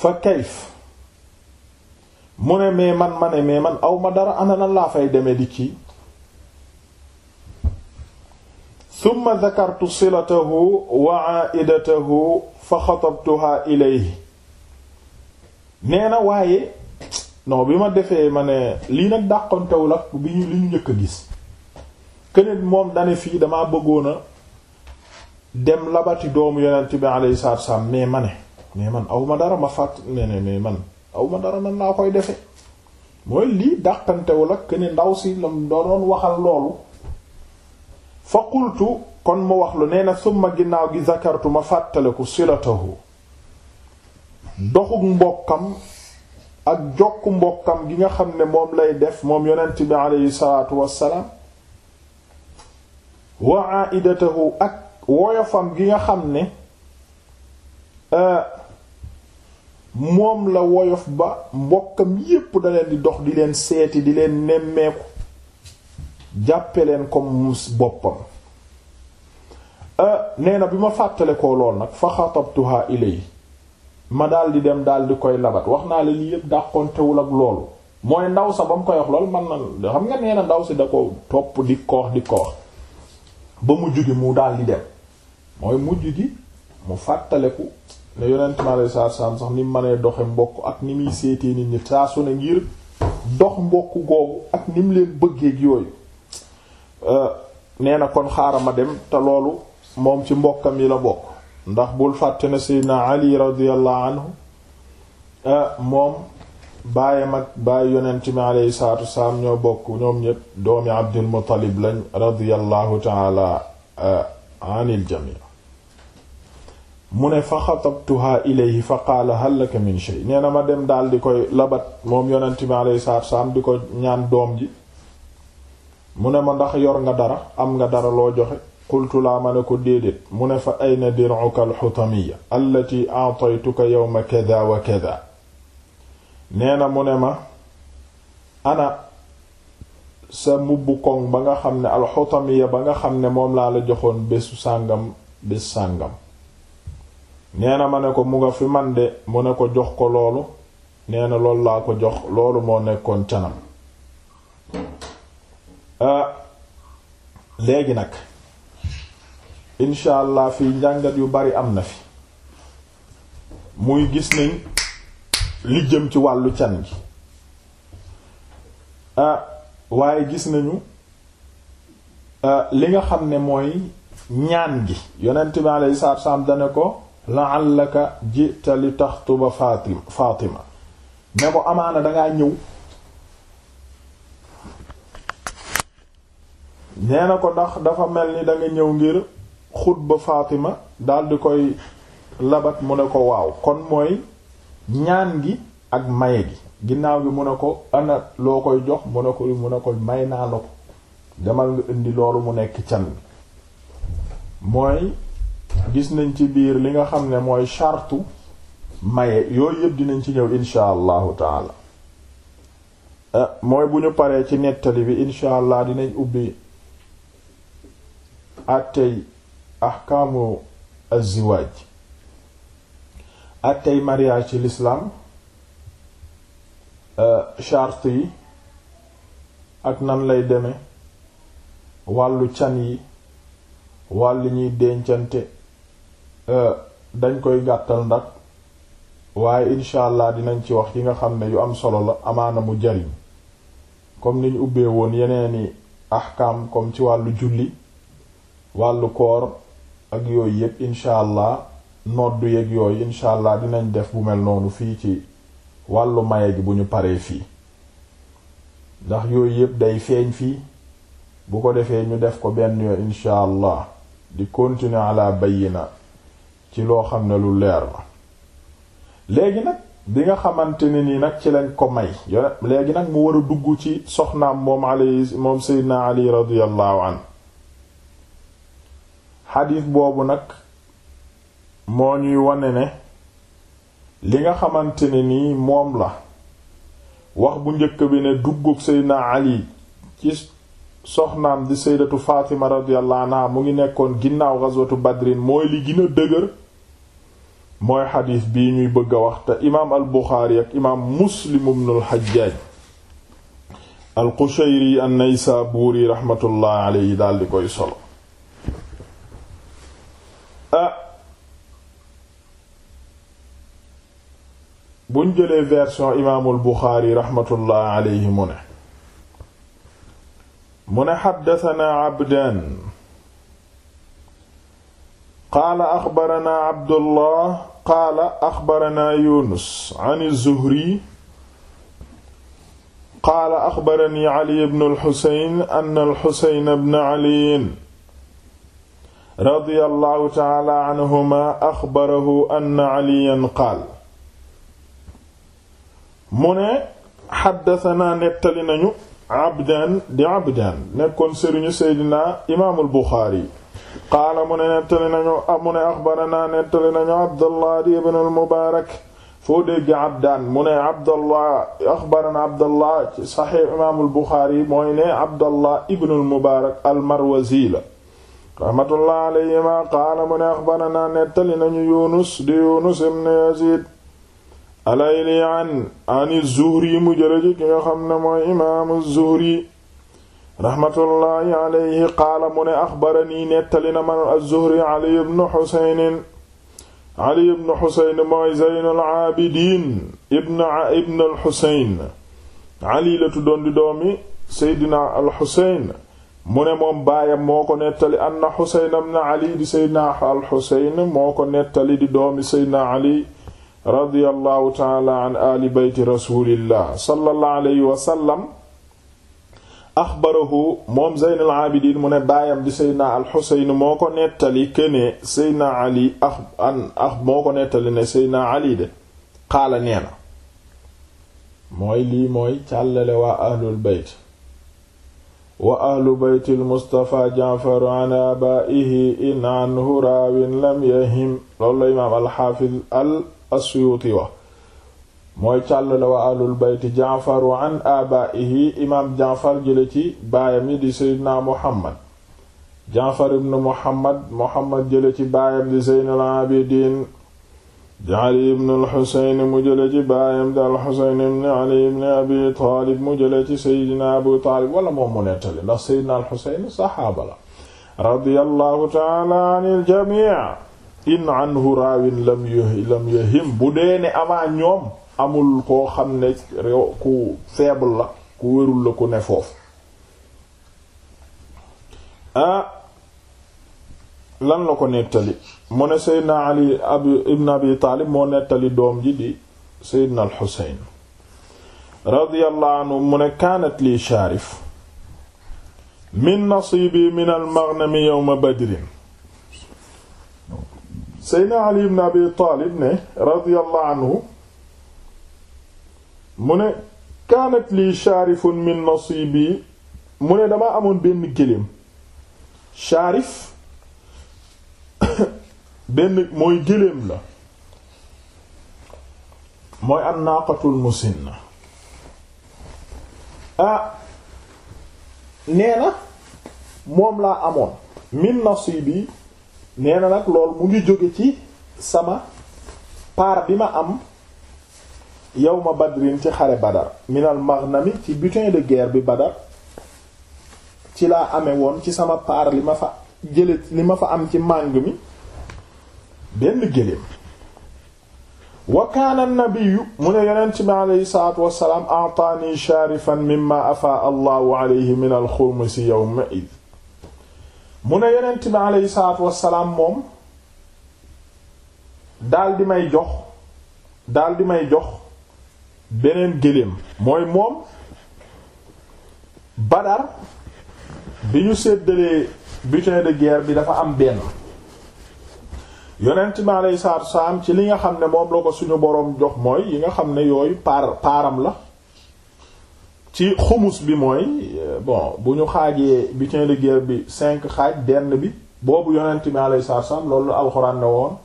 fa kayf mu ne mais man ma ne mais man aw ma dara ana nan laa fay demee di kii summa dakartu silatahu wa aidatahu fa xatabtuha ilayhi nee na waaye no bi ma defee ma ne lii nag dàqontewul la bi li ñu njëkk a gis keneen moom dane fii dama bëggoona dem labati doomu yonent bi alayhi salaatu wassalaam mais ma ne mais man aw ma dara ma fàtt ne ne man aw ma dara nan naa koy defe mooy lii dàqantewul ak ne ndaw si lam doon waxal loolu fa qultu kon mu wax lu nee na summa ginnaaw gi zakartu ma fàttaleku silatahu doxuk mbokkam ak jokk mbokkam gi nga xam ne moom lay def moom yonent bi aleyhi salaatu wassalaam wa aidatahu ak woyofam gi nga xam ne euh, moom la woyof ba mbokkam yépp da leen di dox di leen seeti di leen nemmeeku jàppe leen comme mus boppam ah, nee na bi ma fàttale ko lool nag fa xatabtuha ilay ma daal di dem daal di koy labat wax naa la lii yépp dàqontewul ak loolu mooy ndaw sa ba mu koy wax lool man na xam nga nee na ndaw si da ko topp di ko di ko ba mujj gi mu daal di dem mooy mujj gi mu fàttaleku ne yonent ma lay saar saam sax ni mu mënee doxe mbokk ak ni muy seetee nit ñi saa na ngir dox mbokk googu ak ni mu leen bëggee yooyu euh, nee na kon xaarama dem te loolu moom ci mbokkam yi la bokk ndax bul fàtte ne Seydina Ali radiyallahu anhu euh, moom baayam ak baay yonent mi alayhi salaatu wasalaam ñoo bokk ñoom ñépp doomi Abdul Muttalib lañ radiyallahu ta'ala euh, anil jami' mu ne fa xatabtuha ilayhi fa qaala hal laka min shay nee na ma dem daal di koy labat moom yonent bi alayhi salaatu salaam di ko ñaan doom ji mu ne ma ndax yor nga dara am nga dara loo joxe qultu laa ma ne ko déedéet mu ne fa ayna dir'uka al-xutamiya allati a'taytuka yawma kada nee na mu ne ma ana sa mubbu koŋ ba nga xam ne alxutamiya ba nga xam ne moom laa la joxoon bésu sàngam bés sàngam nee na ma ne ko mu nga fi man de mu ne ko jox ko loolu nee na loolu laa ko jox loolu moo nekkoon canam ah, léegi nag incha allah fii njàngat yu bari am na fi muy gis nañ li jëm ci wàllu can gi ah waaye gis nañu ah, li nga xam ne mooy ñaan gi yonent bi alayhi salaam dane ko la'allaka ji'ta li taxtuba Fatima Fatima ne ko amaana dangaa ñëw nee ko ndax dafa mel ni danga ñëw ngir xutba Fatima daldi koy labat mu ne ko waaw kon mooy ñaan gi ak may gi ginnaaw gi mu ne ko ana loo koy jox mu ne ko may naa la ko demal nga indi loolu mu nekk can mooy gis nañ ci biir li nga xam ne mooy chartu maye yooyu yëpp dinañ ci ñëw insha allahu taala eh, mooy bu ñu paree ci nettali bi insha allah dinañ ubbi àttey ahkaamu azziwaaj àttey mariage ci lislaam eh, charte yi ak nan lay deme wàllu can yi wàllu ñuy dencante Euh, dañ koy gàttal ndax waaye incha allah dinañ ci wax yi nga xam ne yu am solo la amaana mu jariñ comme ñu ubbee woon yeneeni ahkaam comme ci wàllu julli wàllu koor ak yooyu yépp incha allah noddu yeeg yooyu incha allah dinañ def bu mel noonu fii ci wàllu maye gi bu ñu paree fii ndax yooyu yépp day feeñ fii bu ko defee ñu def ko benn yoo incha allah di la ala na ci loo xam ne lu leer la léegi nag bi nga xamante ne nii nag ci lañ ko may yone léegi nag mu war a dugg ci soxnaam moom ali moom seydina ali radiyallahu an xadiis boobu nag moo ñuy wane ne li nga xamante ne nii moom la wax bu njëkk bi ne duggug seydina ali ci soxnaam di saydatu fatima radiyallahu anha mu ngi nekkoon ginnaaw ghazwatu badrin mooy li gën a dëgër mooy xadiis bii ñuy bëgg a wax te imaam al buxaari ak imaam muslim ibnul xajjaaj al qushayri an naysaabuuri raxmatullaahi alayhi daal di koy solo ah buñ jëlee version imaamul buxaari raxmatullaahi alayhi mune ne mu ne xaddasanaa abdaan qaala axbaranaa abdullah qaala axbarana yunus an zuhri qaala axbarani ali bn alxusain an alxusain bn caliin radiyallahu taala anhuma axbarahu an caliyan qaal mu ne xaddatanaa nettali nañu abdaan di abdaan nekkoon sëriñu seydina imaamul buxaari qaala mu ne nettali nañu mu ne axbaranaa nettali nañu abdallah di ibn al foo dégg abdaan mu ne abdallah axbarana abdallah ci saxiix imaamul buxaari mooy ne abdallah ibn al mubaarak al raxmatullah alayhima mu ne axbaranaa nettali nañu yunus di yunus an an zuhri mu jële ci ne mooy imaamu zuhri raxmatullaahi alayhi qaala mu ne axbaranii nettali na man az-Zuhri Ali ibn Xuseyn Ali ibn Xuseyn mooy Zeynul al-Xuseyn Ali la tuddoon di doomi Seydina al-Xuseyn mu moom baayam moo ko nettali anna Xuseyn ibn Ali di Seydina al-Xuseyn moo ko nettali di doomi Seydina Ali radiyallahu ta'ala an aali bayti rasuulillah sallallahu alayhi wa axbarahu moom zeyn al abidin mu ne baayam di seydna al xuseyn moo ko nettali këne seydna ali an moo ko nettali ne seydna ali de xaala nee na mooy lii mooy càllale waa ahlul beyt wa ahlu beyti almustafa jaafar an abaihi in anhu raawin lam yahim loolu la imaam alxaafiz al asuyuuti wa mooy càllale wa ahlul bayti jaafar wa an abaihi imaam jaafar jële ci baayam yi di seydina muhammad jaafar ibn muhammad muhammad jële ci baayam di zeynul abidin di ali ibn alxusayn mu jële ci baayam di alxusayn ibn ali ibn abi taalib mu jële ci seydina abu taalib wala moom mu nettali ndax seydina alxusayn saxaaba la radiyallahu taala anil jamii in anhu raawin lam yahim bu dee ne amaa ñoom amul koo xam ne ku faible la ku wérul la ku ne foofu ah lan la ko nettali mu ne seydna ali abi ibn abi taalib moo nettali doom ji di seydna al xuseyn radiyallahu anhu ne kaanat lii shaarif min nasiibi min al maghnami yawma badrin seydna ali abi taalib ne radiyallahu anhu mu ne kaanat lii shaarifun min nasibi mu ne dama amoon benn gëléem shaarif benn mooy gëléem la mooy an naaqatul musinna ah nee na moom laa amoon min bi nee na nag lool mu ngi jóge ci sama part bi ma am yawma badrin ci xare badar minal maghnami ci butin de guerre bi badar ci laa amee woon ci sama paar li ma fa jële li ma fa am ci màng mi benn gëléem wa nabiyu mu ne yonent bi aleyhi salaatu wassalaam ataani shaarifan mimma afaa allahu aleyhi min alxurmusi yawma id mu ne yonent bi aleyhi salaatu wassalaam moom daal di may jox daal di may jox beneen gëléem mooy moom Badar bi ñu seddalee butin de guerre bi dafa am benn yonent mi alayhi salaatu salaam ci li nga xam ne moom la ko suñu boroom jox mooy yi nga xam ne yooyu paar paaram la ci xumus bi mooy euh, bon bu ñu xaajee butin de guerre bi cinq xaaj benn bi boobu yonent mi alayhi salaatu salaam loolu alxuraan ne woon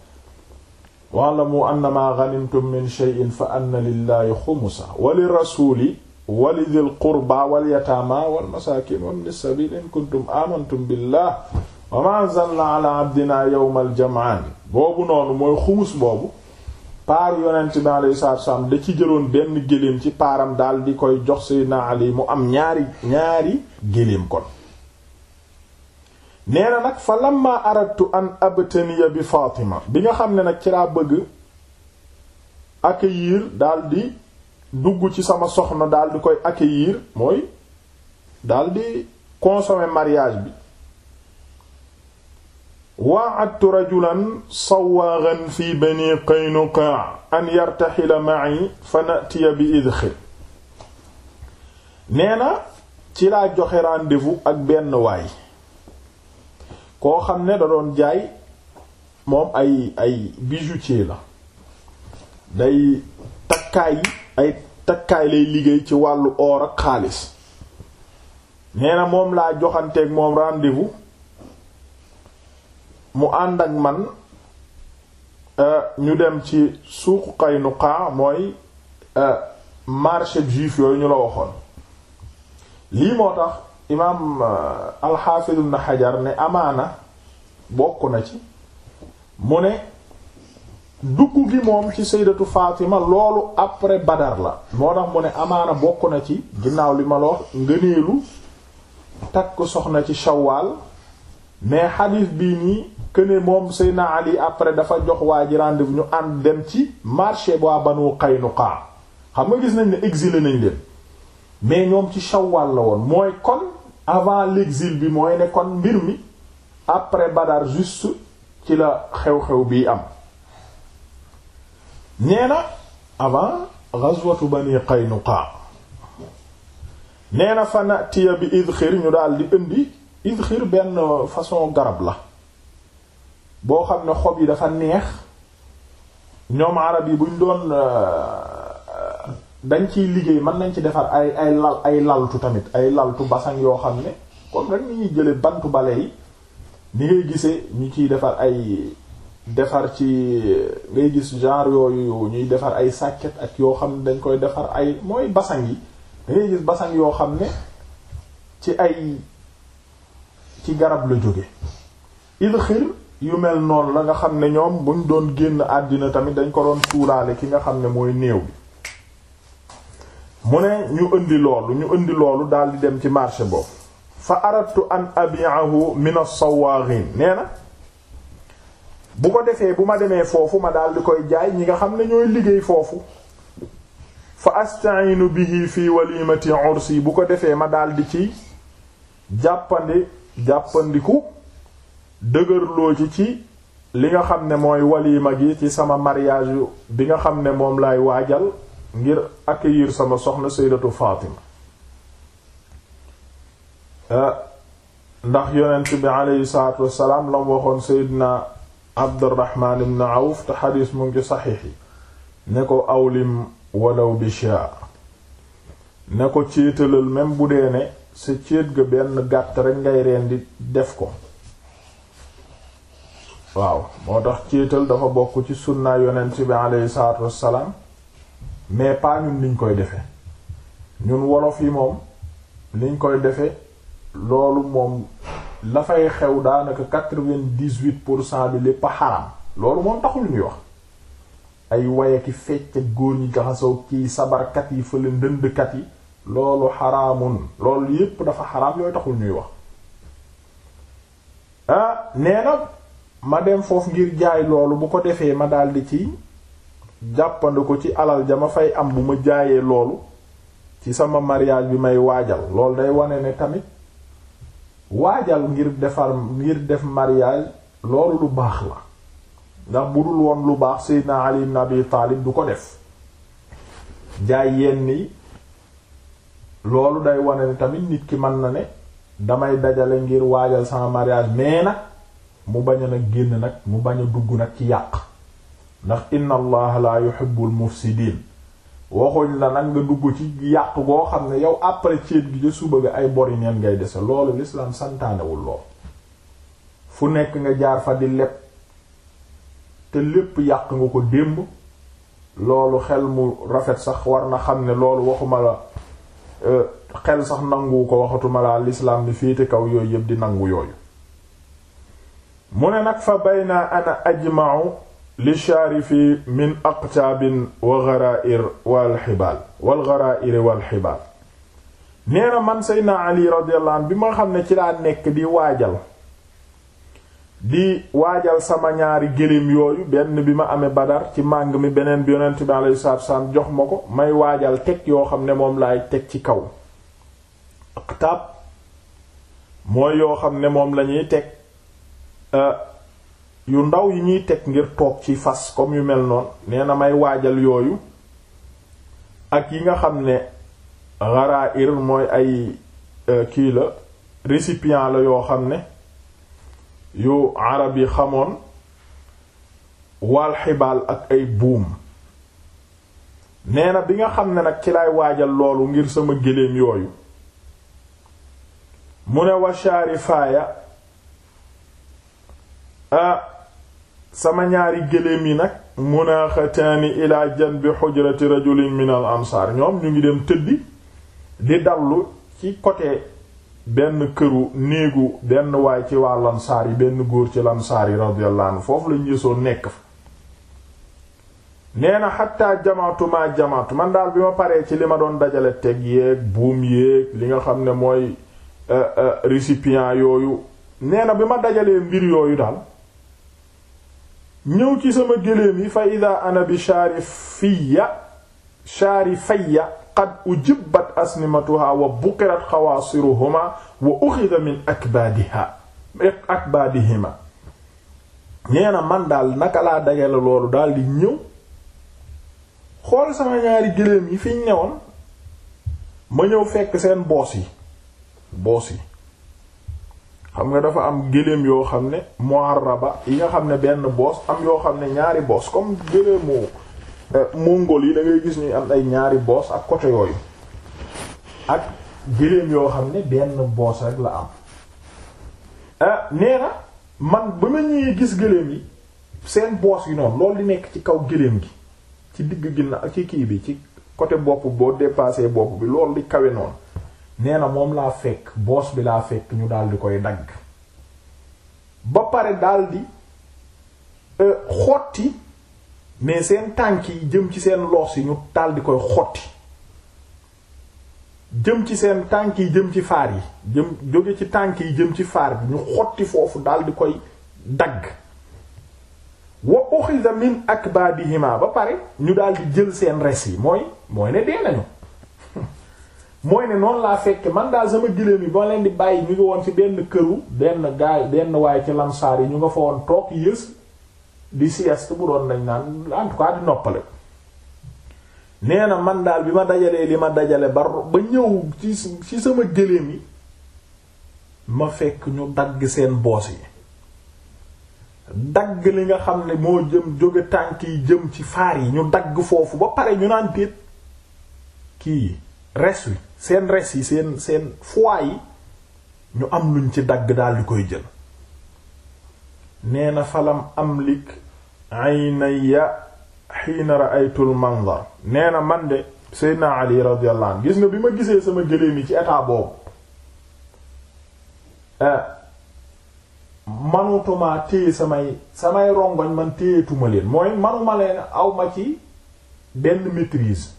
wa'lamu annama ghanimtum min shay'in fa anna lillahi xumusa wa lirasuli wa lidhil qurba wal yataama wal masaakin wa ibni sabiil in kuntum amantum billah wa ma anzalna ala abdina yawmal jam'aan boobu noonu mooy xumus boobu paar yonent bi alayhi salaatu wassalaam da ci jëloon benn géléem ci paaram daal di koy jox Seydina Ali mu am ñaari ñaari géléem kon nee na nag fa lamma aradtu an abtaniya bi Fatima bi nga xam ne nag ci laa bëgg accueillir daldi dugg ci sama soxna di koy accueillir mooy daldi consommer mariage bi wa'adtu rajulan sawaaran fi bani Qaynuqa an yartaxila ma'i fa natiya bi idxir nee ci laa joxe rendez ak benn waay koo xam ne da doon jaay moom ay ay bijoutier la day takkaay ay takkaay lay liggéey ci wàllu or ak xaalis nee moom laa joxanteek moom rendez mu ànd ak man euh, ñu dem ci suuqu Qaynuqa mooy euh, marché juif yooyu ñu la waxoon lii moo tax imaam uh, alxaafiz ibn xajar ne amaana bokk na ci mu ne dugg gi moom ci sayyidatu Fatima loolu après Badar la moo tax mu ne amaana bokk na ci ginnaaw li ma la wax ngëneelu takk soxna ci shawwal mais xadiis bii nii këne moom Seydina Ali après dafa jox waa ji rendez-vous ñu ànd dem ci marché ba Banu Qaynuqa xam nga gis nañ ne exile nañ leen mais ñoom ci shawwal la woon mooy kon avant l'exil bi mooy ne kon mbir mi après Badar juste ci la xew-xew bi am nee na avant ghazwatu Bani Qaynuqa nee na fa natiya bi idxir ñu daal di indi idxir benn façon garab la boo xam ne xob yi dafa neex ñoom arab yi buñ doon euh, dañ ciy liggéey mën nañ ci defar ay ay lal ay laltu tamit ay laltu basan yoo xam ne kon rek ni ñuy jële bantu bale yi ni ngay gisee ñu ciy defar ay defar ci ngay gis genre yooyu ñuy defar ay sàkket ak yoo xam ne dañ koy defar ay mooy basan yi da ngay gis basan yoo xam ne ci ay ci garab la jóge il xir yu mel noonu la nga xam ne ñoom buñ doon génn àddina tamit dañ ko doon suulaale ki nga xam ne mooy néew bi mu ne ñu indi loolu ñu indi loolu daal di dem ci marché boobu fa aradtu an abi'ahu min as-sawaghin nee na bu ko defee bu ma demee foofu ma daal di koy jaay ñi nga xam ne ñooy liggéey foofu fa bi bihi fi walimati ursi bu ko defee ma daal di ci jàppandi jàppandiku dëgërloo ci ci li nga xam ne mooy walima gi ci sama mariage bi nga xam ne moom lay waajal ngir accueillir sama soxna sayyidatu Fatima eh, ndax yonent bi aleyhi salaatu wassalaam lam waxoon sayyidina Abdurrahman ibn Awf te xadiis mu ngi saxiix yi ne ko awlim walaw bi shaa ne ko céetalal même bu ne sa céet ga benn gàtt rekk ngay di def ko waaw moo tax céetal dafa bokk ci sunnaa yonent bi aleyhi salaatu wassalaam mais pas ñun liñ koy defe ñun wolof yi moom liñ koy defe loolu moom la xew daanaka quatre-vingt-dix-huit pour cent bi lépp a xaram loolu moom taxul ñuy wax ay wayaki fecc góor ñi jaxasoo kii sabarkat yi fële ndëndkat yi loolu xaraamun loolu yépp dafa xaraam yooy taxul ñuy wax ah nee na ma dem foofu ngir jaay loolu bu ko defee ma daldi ci jàppandi ko ci alal ja ma fay am bu ma jaayee loolu ci sama mariage bi may waajal lool day wane ne tamit waajal ngir defar ngir def mariage loolu lu baax la ndax bu dul woon lu baax Seydina Ali ibn Abi Taalib du ko def jaay yenn yi loolu day wane ne tamit nit ki mën na ne damay dajale ngir waajal sama mariage mais nag mu bañ a nag génn nag mu bañ a dugg nag ci yàq ndax inna allaha la yuhibbul mufsidin waxuñ la nag nga dugg ci yàq goo xam ne yow après ceeb gi ca suba ga ay bori neen ngay dese loolu l'islam santaanewul lool fu nekk nga jaar fa di leb te lépp yàq nga ko démb loolu xel mu rafet sax war na xam ne loolu waxuma la euh, xel sax nangu ko waxatuma la lislaam ni féete kaw yooyu yëpp di nangu yooyu mu ne nag fa bayna ana ajma'u li shaarifi min aqtaabin wa gharaa'ir wal xibaal wal gharaa'ir wal xibaal nee na man Seydina Ali radiyallahu anhu bi ma xam ne ci laa nekk di waajal di waajal sama ñaari gëléem yooyu benn bi ma amee Badar ci màng mi beneen bi yonent bi jox ma ko may waajal teg yoo xam ne moom laay teg ci kaw aqtaab mooy yoo xam ne moom lañuy teg yu ndaw yi ñuy teg ngir toog ci fas comme yu mel noonu nee na may waajal yooyu ak yi nga xam ne gharair mooy ay euh, kii la récipient la yoo xam ne yu arab yi xamoon wal xibaal ak ay buum nee bi nga xam ne nag ci lay waajal loolu ngir sama géléem yooyu mu ne washaarifaaya a ah, sama ñaari gëléem yi nag munaaxataani ilaa janbi xujrati rajulin min al ansaar ñoom ñu ngi dem tëddi di dallu ci côté benn këru néegu benn waay ci waa lansaar yi benn góor ci lansaar yi radiyallahu foofu lañu yësoo nekk fa nee na xatta jamaatu maa man daal bi ma paree ci li ma doon dajale teg yéeg buum yéeg li nga xam ne mooy euh, euh, récipient yooyu nee na bi ma dajalee mbir yooyu daal ñëw ci sama géléem yi fa ida ana bi shaarifiyya shaarifayya qad ujibat asnimatuha wa buqirat xawaasiruhuma wa uxida min akbaadiha akbaadihima nee na man daal naka laa dagale loolu daal ñëw xool sama ñaari géléem yi fiñ newoon ma ñëw fekk seen boos yi boos yi xam nga dafa am gëléem yoo xam ne muharraba yi nga xam ne benn boos am yoo xam ne ñaari boos comme gëléemu euh, mongol yi da ngay gis ni am ay ñaari boos ak côté yooyu ak gëléem yoo xam ne benn boos rek la am ah nee na man ba ma ñëwee gis gëléem yi seen boos yi noonu loolu di nekk ci kaw gëléem gi ci digg ginnaaw ci kii bi ci côté bopp boo dépassé bopp bi loolu di kawe noonu nee na moom laa fekk boos bi laa fekk ñu daal di koy dagg ba pare daldi euh, xotti mais seen tànk yi jëm ci seen loos yi ñu daal di koy xotti jëm ci seen tànk yi jëm ci faar yi jëm jóge ci tànk yi jëm ci faar bi ñu xotti foofu daal di koy dagg wa uxiza min akbadihima ba pare ñu daldi jël seen res yi mooy mooy ne dee nañu mooy ne noonu laa fekke man daal sama gëléem yi ba leen di bàyyi ñu ngi woon ci benn këru benn gaay benn waaye ci lamsaar yi ñu nga fa woon toog yës di sieste bu doon nañ naan en tout cas di noppale nee na man daal bi ma dajalee li ma dajale ba ba ñëw ci sama gëléem yi ma fekk ñu dagg seen boos yi dagg li nga xam ne moo jëm jóge tànk yi jëm ci faar yi ñu dagg foofu ba pare ñu naan déet kii res wi seen res yi seen seen foie yi ñu am luñ ci dagg daal di koy jël nee na falam amlik aynaya xiina raaytul manzar nee na man de seydna ali radiyallahu anhu gis nga bi ma gisee sama gëléem yi ci état boobu eh, manutumaa téye samay samay rongoñ man téyetuma leen mooy manuma leen awma ci benn maîtrise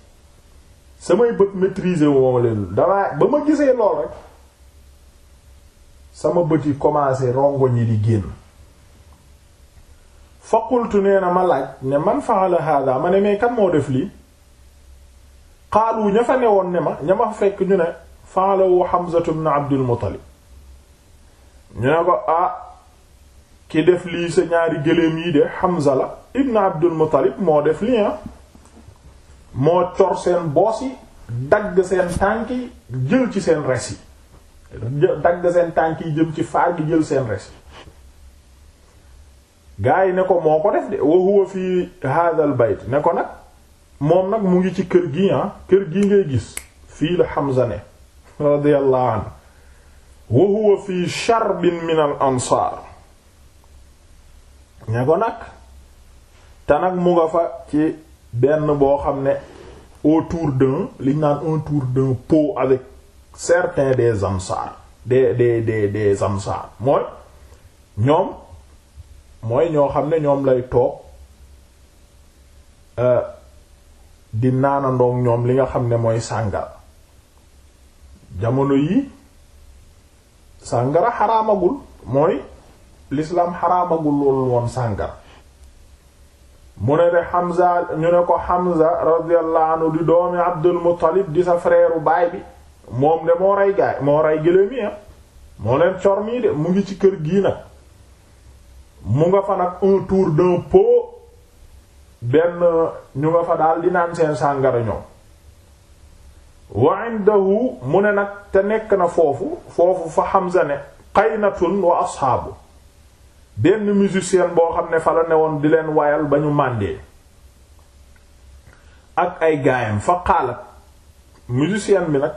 samay bët maîtriser wu ma damaa ba ma gisee lool rek sama bët yi commencé rongoñ yi di génn faqultu nee na ma laaj ne man fa'ala hada ma ne mais kan moo def lii xaalu ña fa woon ne ma ña ma fekk ñu ne fa'alahu Hamzatu ibn Abdul Muttalib ñu ne ko ah ki def lii sa ñaari gëléem yi de Hamza la ibn Abdul Muttalib moo def lii ah moo cor seen boos yi dagg seen tànk yi jël ci seen res yi dagg seen tànk yi jëm ci faar gi jël seen res yi gaa yi ne ko moo ko def de wa fi hadal bayt ne ko nag moom nag mu ngi ci kër gi ah kër gi ngay gis fii la Hamza ne radiyallahu anhu wa huwa fi sharbin min al ansaar ne ko nag te nag mu nga fa ci benn boo xam ne autour d'un liñ naan un tour d'un pot avec certains des ansar des des des des ansar mooy ñoom mooy ñoo xam ne ñoom lay toog euh, di naanandoog ñoom li nga xam ne mooy sàngal jamono yi sàngara xaraamagul mooy l'islam xaraamagul loolu woon sàngara mu ne de Hamza ñu ne ko Hamza radiyallahu anhu di doomi Abdul Muttalib di sa frère baay bi moom de moo rey gaay moo rey gëléem yi ah, moo leen cor de mu ngi ci kër gii nag mu nga fa nag un tour d'un pot benn ñu nga fa daal di naan seen sàngara ñoom wa indahu mu ne nag te nekk na foofu foofu fa Hamza ne qaynatun wa ashaabu benn musicien boo xam ne fa la newoon di leen wayal ba ñu màndee ak ay gaayam fa xaalat musicien bi nag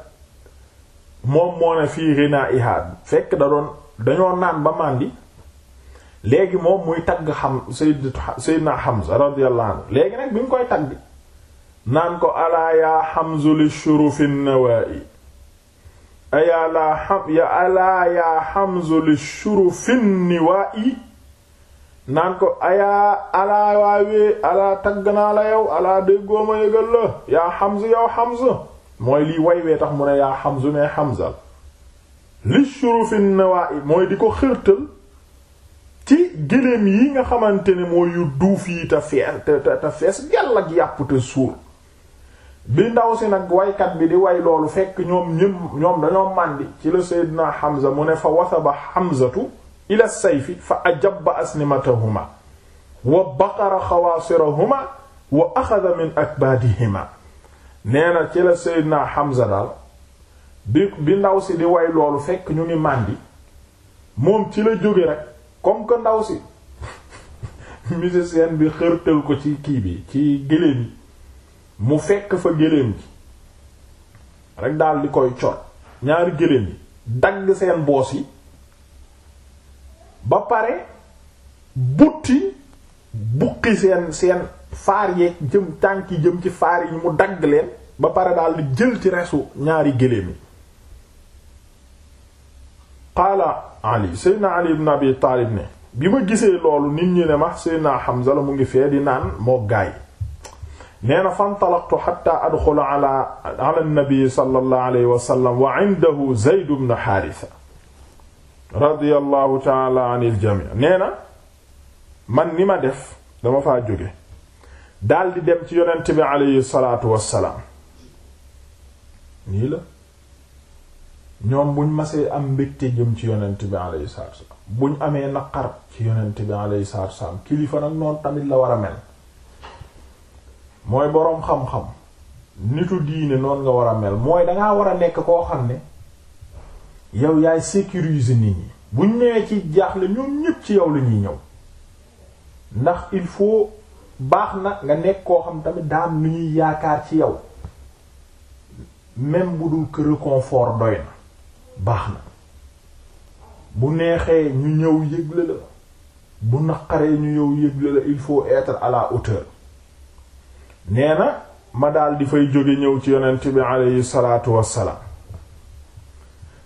moom moo ne fii rina ihaad fekk da doon dañoo naan ba màndi léegi moom muy tagg xam sayyidatu sayyidina Hamza radiyallahu anhu léegi nag bi mu koy tagg naan ko alaa yaa Hamzu li shurufi nawaa'i ayaa laa ya alaa yaa Hamzu li shurufi niwaa'i naan ko ayaa alaa waawee alaa tagg naa la yow alaa déggoo ma yëgal la yaa Hamza yow Hamza mooy lii waywee tax mu ne yaa Hamza mais Hamza li shurufin nawa'i mooy di ko xërtal ci gëléem yi nga xamante ni mooy yu duuf yi te fees te te fees gàll ak yàpp te suur bi ndaw si nag waykat bi di way loolu fekk ñoom ñëm ñoom dañoo màndi ci la Seydina Hamza mu ne fa wasaba Hamzatu ila sayfi fa ajabba asnimatahuma wa baqara xawaasirahuma wa axada min akbaadihima nee na ci la Seydina Hamza daal bi bi ndaw si di way loolu fekk ñu ngi màndi moom ci la jóge rek comme que ndaw si musicien bi xërtal ko ci kii bi ci géléem yi mu fekk fa géléem gi rek daal di koy cor ñaari géléem yi dagg seen boos yi ba pare butti bukki seen seen faar yeeg jëm tànk jëm ci faar yi mu dagg leen ba pare daal di jël ci resu ñaari géléem yi qaala ali seydna ali ibn abi taalib ne bi ma gisee loolu nit ñi ne ma seydna Hamza la mu ngi fee di naan moo gaay nee na fantalaqtu xatta adxula ala ala nabi sallallahu alayhi wa sallam wa indahu zayd ibn haarisa radiyallahu taala anil jami nee na man ni ma def dama faa jóge daldi dem ci yonent bi aleyhi salaatu wassalaam nii la ñoom buñ masee am mbégte jëm ci yonent bi aleyhi salaatu wassalaam buñ amee naqar ci yonent bi aleyhi salaatu wassalaam kilifa nag noonu tamit la war a mel mooy boroom xam-xam nitu diine noonu nga war a mel mooy dangaa war a nekk koo xam ne yow yaay sécuriser nit ñi buñ ñëwee ci jaaxle ñoom ñépp ci yow la ñuy ñëw ndax il faut baax na nga nekk koo xam tamit daan lu ñuy yaakaar ci yow même bu dul que réconfort doy na baax na bu neexee ñu ñëw yëgle la bu naqaree ñu ñëw yëgle la il faut être à la hauteur nee na ma daal di fay jóge ñëw ci yonent bi aleyhi salaatu wassalaam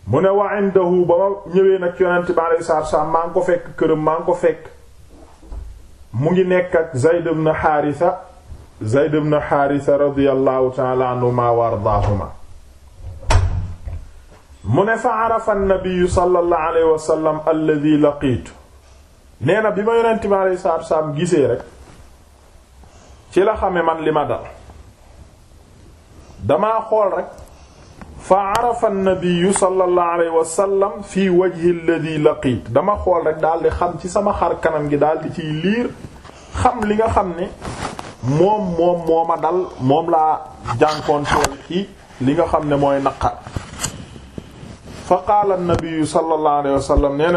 mu ne wa indahu ba ma ñëwee nag yonent bi alayhi maa ngi ko fekk këram maa ngi ko fekk mu ngi nekk ak Zayd ibn Haarisa Zayd ibn Haarisa radiyallahu ta'ala anhuma wa ardaahuma mu ne fa arafa an-nabiyyu sallallahu alayhi wa laqiitu nee na bi ma yonent bi alayhi gisee rek ci la xame man li ma dal damaa xool rek fa arafa nabiyu sallallahu alayhi wa sallam fi wajhi alladhi dama xool rek daal di xam ci sama xar kanam gi daal di ciy liir xam li nga xam ne moom moom ma dal moom laa jànkonteel ci li nga xam ne mooy naqar fa qaala nabiyu na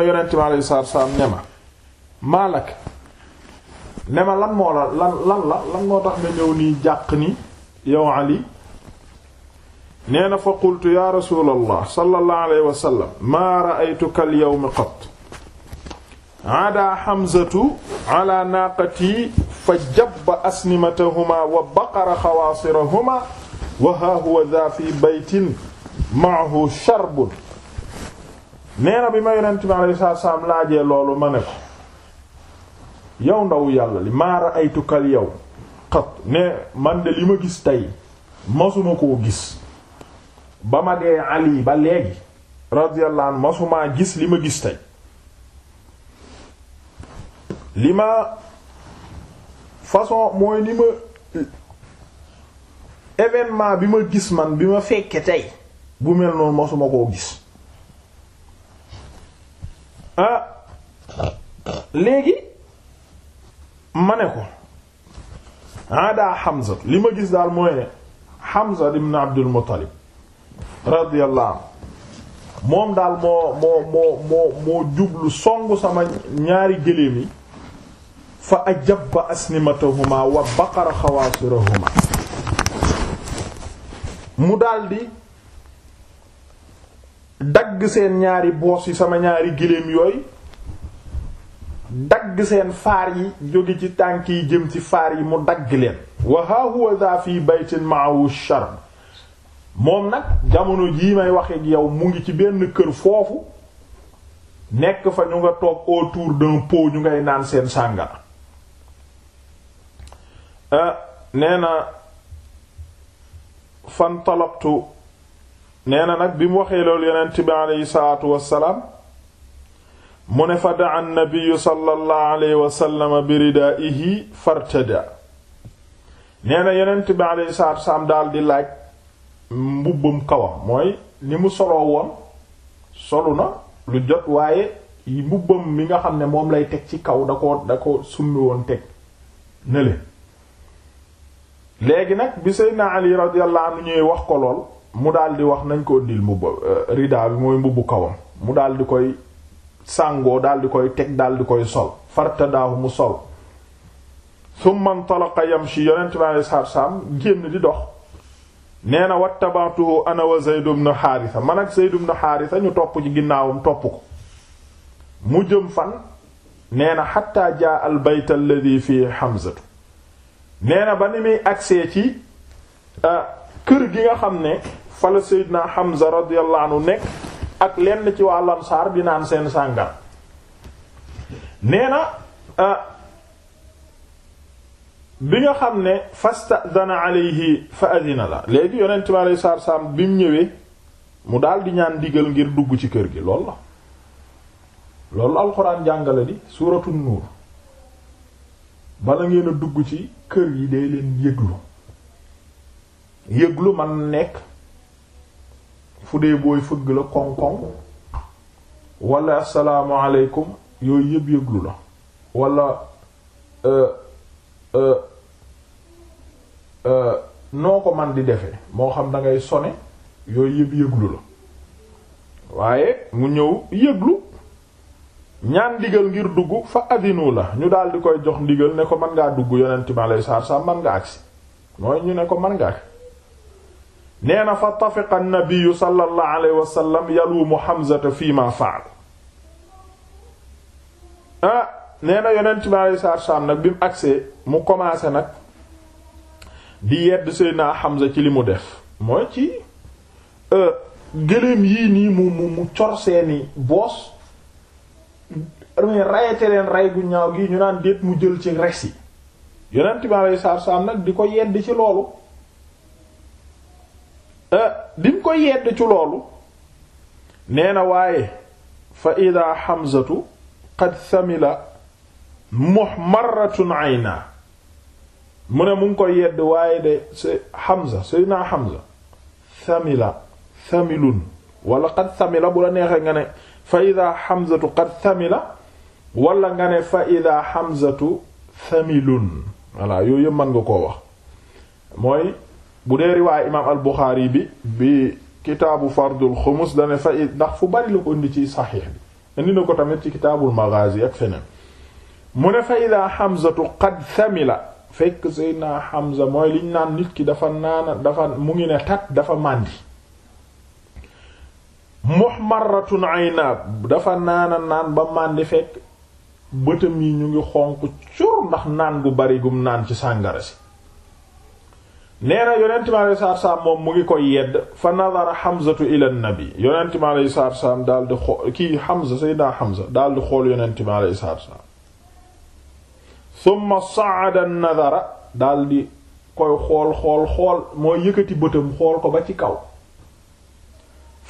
yonent mi salaam ne ma maalak ne ma lan moo la lan lan la lan moo tax nga ñëw nii jàq ni yow Ali nee na fa qultu ya rasulallah sallallahu alayhi wa sallam maa ra'aytuka al-yawma qat ada Hamzatu ala naaqati fa jabba asnimatahuma wa baqara xawaasirahuma wa haa huwa dha fi baytin maahu sharbun nee na bi ma yonent bi alayhi salaatu salaam laajee loolu ma ne ko yow ndaw yàlla li maa ra'aytuka al-yawma qat ne man de li ma gis tey masuma koo gis ba ma dee ali ba léegi radiyallahu anhu masumaa gis li ma gis tey li ma façon mooy li ma événement bi ma gis man bi ma fekke tey bu mel noonu masuma koo gis ah léegi ma ne ko ah daa Hamza li ma gis daal mooy ne Hamza ibn Abdul Muttalib radiyallahu moom daal moo moo moo moo moo jublu songu sama ñaari gëléem yi fa ajabba asnimatahuma wa baqara xawaasirahuma mu daldi dagg seen ñaari boos yi sama ñaari gëléem yooyu dagg seen faar yi jóge ci tànk yi jëm ci faar yi mu dagg leen wa huwa dha fi baytin ma'ahu sharb moom nag jamono jii may wax ak yow mu ngi ci benn kër foofu nekk fa ñu nga toog autour d'un pot ñu ngay naan seen sànga euh, nee na fan nee na nag bi mu waxee loolu yonent bi aleyhi salaatu wassalaam mu ne fa daa nnabiu sallallahu alayhi wasallama bi ridaa'ihi fartada nee na yonent bi aleyhi salaatu wassalaam daal di laaj mbubbam kawam mooy ni mu soloo woon solu na lu jot waaye mbubbam mi nga xam ne moom lay teg ci kaw da ko da ko summi woon teg nele léegi nag bi naa Ali radiyallahu anhu ñuy wax ko lool mu daldi wax nañ ko ëndil mbubba euh, rida bi mooy mbubbu kawam mu di koy sàngoo daldi koy teg di koy sol fartadaahu mu sol thumma yam yamshi yonent bi alayhi salaam génn di dox nee na wattaba'tuhu ana wa Zayd ibn man ak Zayd ibn Haarisa ñu topp ci ginnaawum topp ko mu jëm fan nee na xatta jaa al bayt fi Hamzatu nee ba ni muy agsee ci euh, kër gi nga xam ne fala Seydina Hamza radiyallahu anhu nekk ak lenn ci waa Ansaar di naan seen sàngar nee euh, bi nga xam ne fastadana alayhi fa adina la léegi yonent bi alayhi salaatu salaam bi mu ñëwee mu daal di ñaan digal ngir dugg ci kër gi lool la loolu alxuraan jàngale di suuratu nuur bala ngeen dugg ci kër yi day leen yëglu yëglu man nekk fu dee booy fëgg la koŋ-koŋ wala asalaamu aleykum yooyu yëpp yëglu la wala. Euh, Euh, euh, noo ko man di defee moo xam dangay ngay sone yooyu yëpp yëglu la waaye mu ñëw yëglu ñaan ndigal ngir dugg fa adinu la ñu daal di koy jox ndigal ne ko mën ngaa dugg yonent mi alayhi salaatu salaam nga agsi mooy ñu ne ko mën nga agsi nee na fa tafiqa an-nabiyyu sallallahu alayhi wa sallam yaluumu fii ma fa'al ah, nee na yonent bi alayhi salaatu salaam nag bi mu agsee mu commencé nag di yedd Seydina Hamza ci li mu def mooy ci euh, gëléem yii nii mu mu mu cor seeni boos rayete leen ray gu ñaaw gi ñu naan déet mu jël ci res yi yonent bi alayhi salaatu salaam nag di ko yedd ci loolu euh, bi mu ko yedd ci loolu nee na waaye fa ida Hamzatu qad samila muhmaratun ayna mu ne mu ngi koy yedd waaye de se Hamza Seydina Hamza samila samilun wala qad samila bu la neexee nga ne fa ida Hamzatu qad samila wala nga ne fa ida Hamzatu samilun voilà yooyu yëpp mën nga koo wax mooy bu dee riwaay imaam al Buxaari bi bi kitaabu fardul xumus dane fa ndax fu bari la ko indi ci saxiix bi indi na ko tamit ci kitaabul maghaazi ak feneen mu ne fa ida xamsatu qad samila fekk Seydina Hamza mooy liñ naan nit ki dafa naana dafa mu ngi ne tat dafa màndi muhmaratun aynaab dafa naana naan ba màndi fekk bëtam yi ñu ngi xonq cur ndax naan gu bari gum naan ci sàngara si nee na yonent mi alayhi salaatu salaam moom mu ngi koy yedd fa nadara Hamzatu ila nabi yonent mi alayhi salaatu salaam daal di xool kii Hamza Seydina daal di xool yonent mi alayhi salaatu salaam summa saada nadara daldi koy xool xool xool mooy yëkkati bëtam xool ko ba ci kaw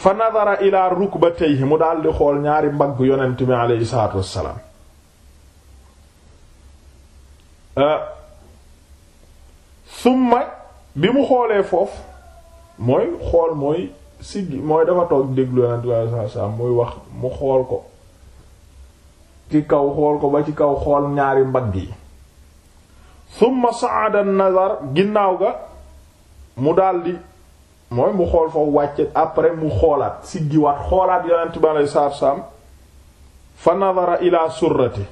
fa nadara ba rukbatayhi mu daldi xool ñaari mbagg yonent bi aleyhi salaatu wassalaam euh, summa bi mu xoolee foofu mooy xool mooy siggi mooy dafa toog déglu yonent bi aleyhi salaatu wassalaam muy wax mu xool ko ci kaw xool ko ba ci kaw xool ñaari mbagg yi summa saada nazar ginnaaw ga mu daldi mooy mu xool foofu wàcce après mu xoolaat siggiwaat xoolaat yonent bi aleyhi salaatu fa nazara ila surrati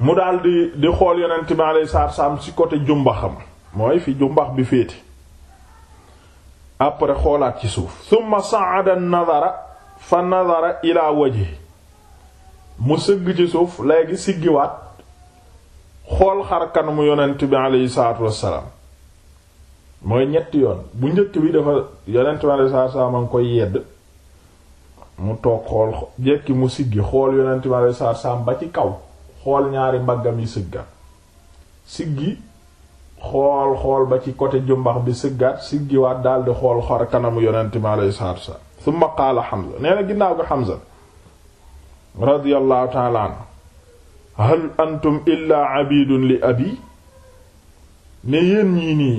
mu daldi di xool yonent bi aleyhi si salaam ci côté jumbaxam mooy fi jumbax bi féete après xoolaat ci suuf summa saada nazara fa nazara ila wajhi mu sëgg ci suuf léegi siggiwaat xool xar kanamu yonent bi aleyhi salaatu wassalaam mooy ñetti yoon bu njëkk bi dafa yonent bi aleyhi salaatu wassalaam a ngi koy yedd mu toog xool jekki mu siggi xool yonent bi aleyhi salaatu wassalaam ba ci kaw xool ñaari mbaggam yi sigga siggi xool xool ba ci côté jumbax bi siggaat siggiwaat daldi xool xar kanamu yonent bi aleyhi salaatu wassalaam summa qaala Hamza nee na ginnaaw gi Hamza radiyallahu ta'ala hal antum illaa abidun li abi ne yéen ñii nii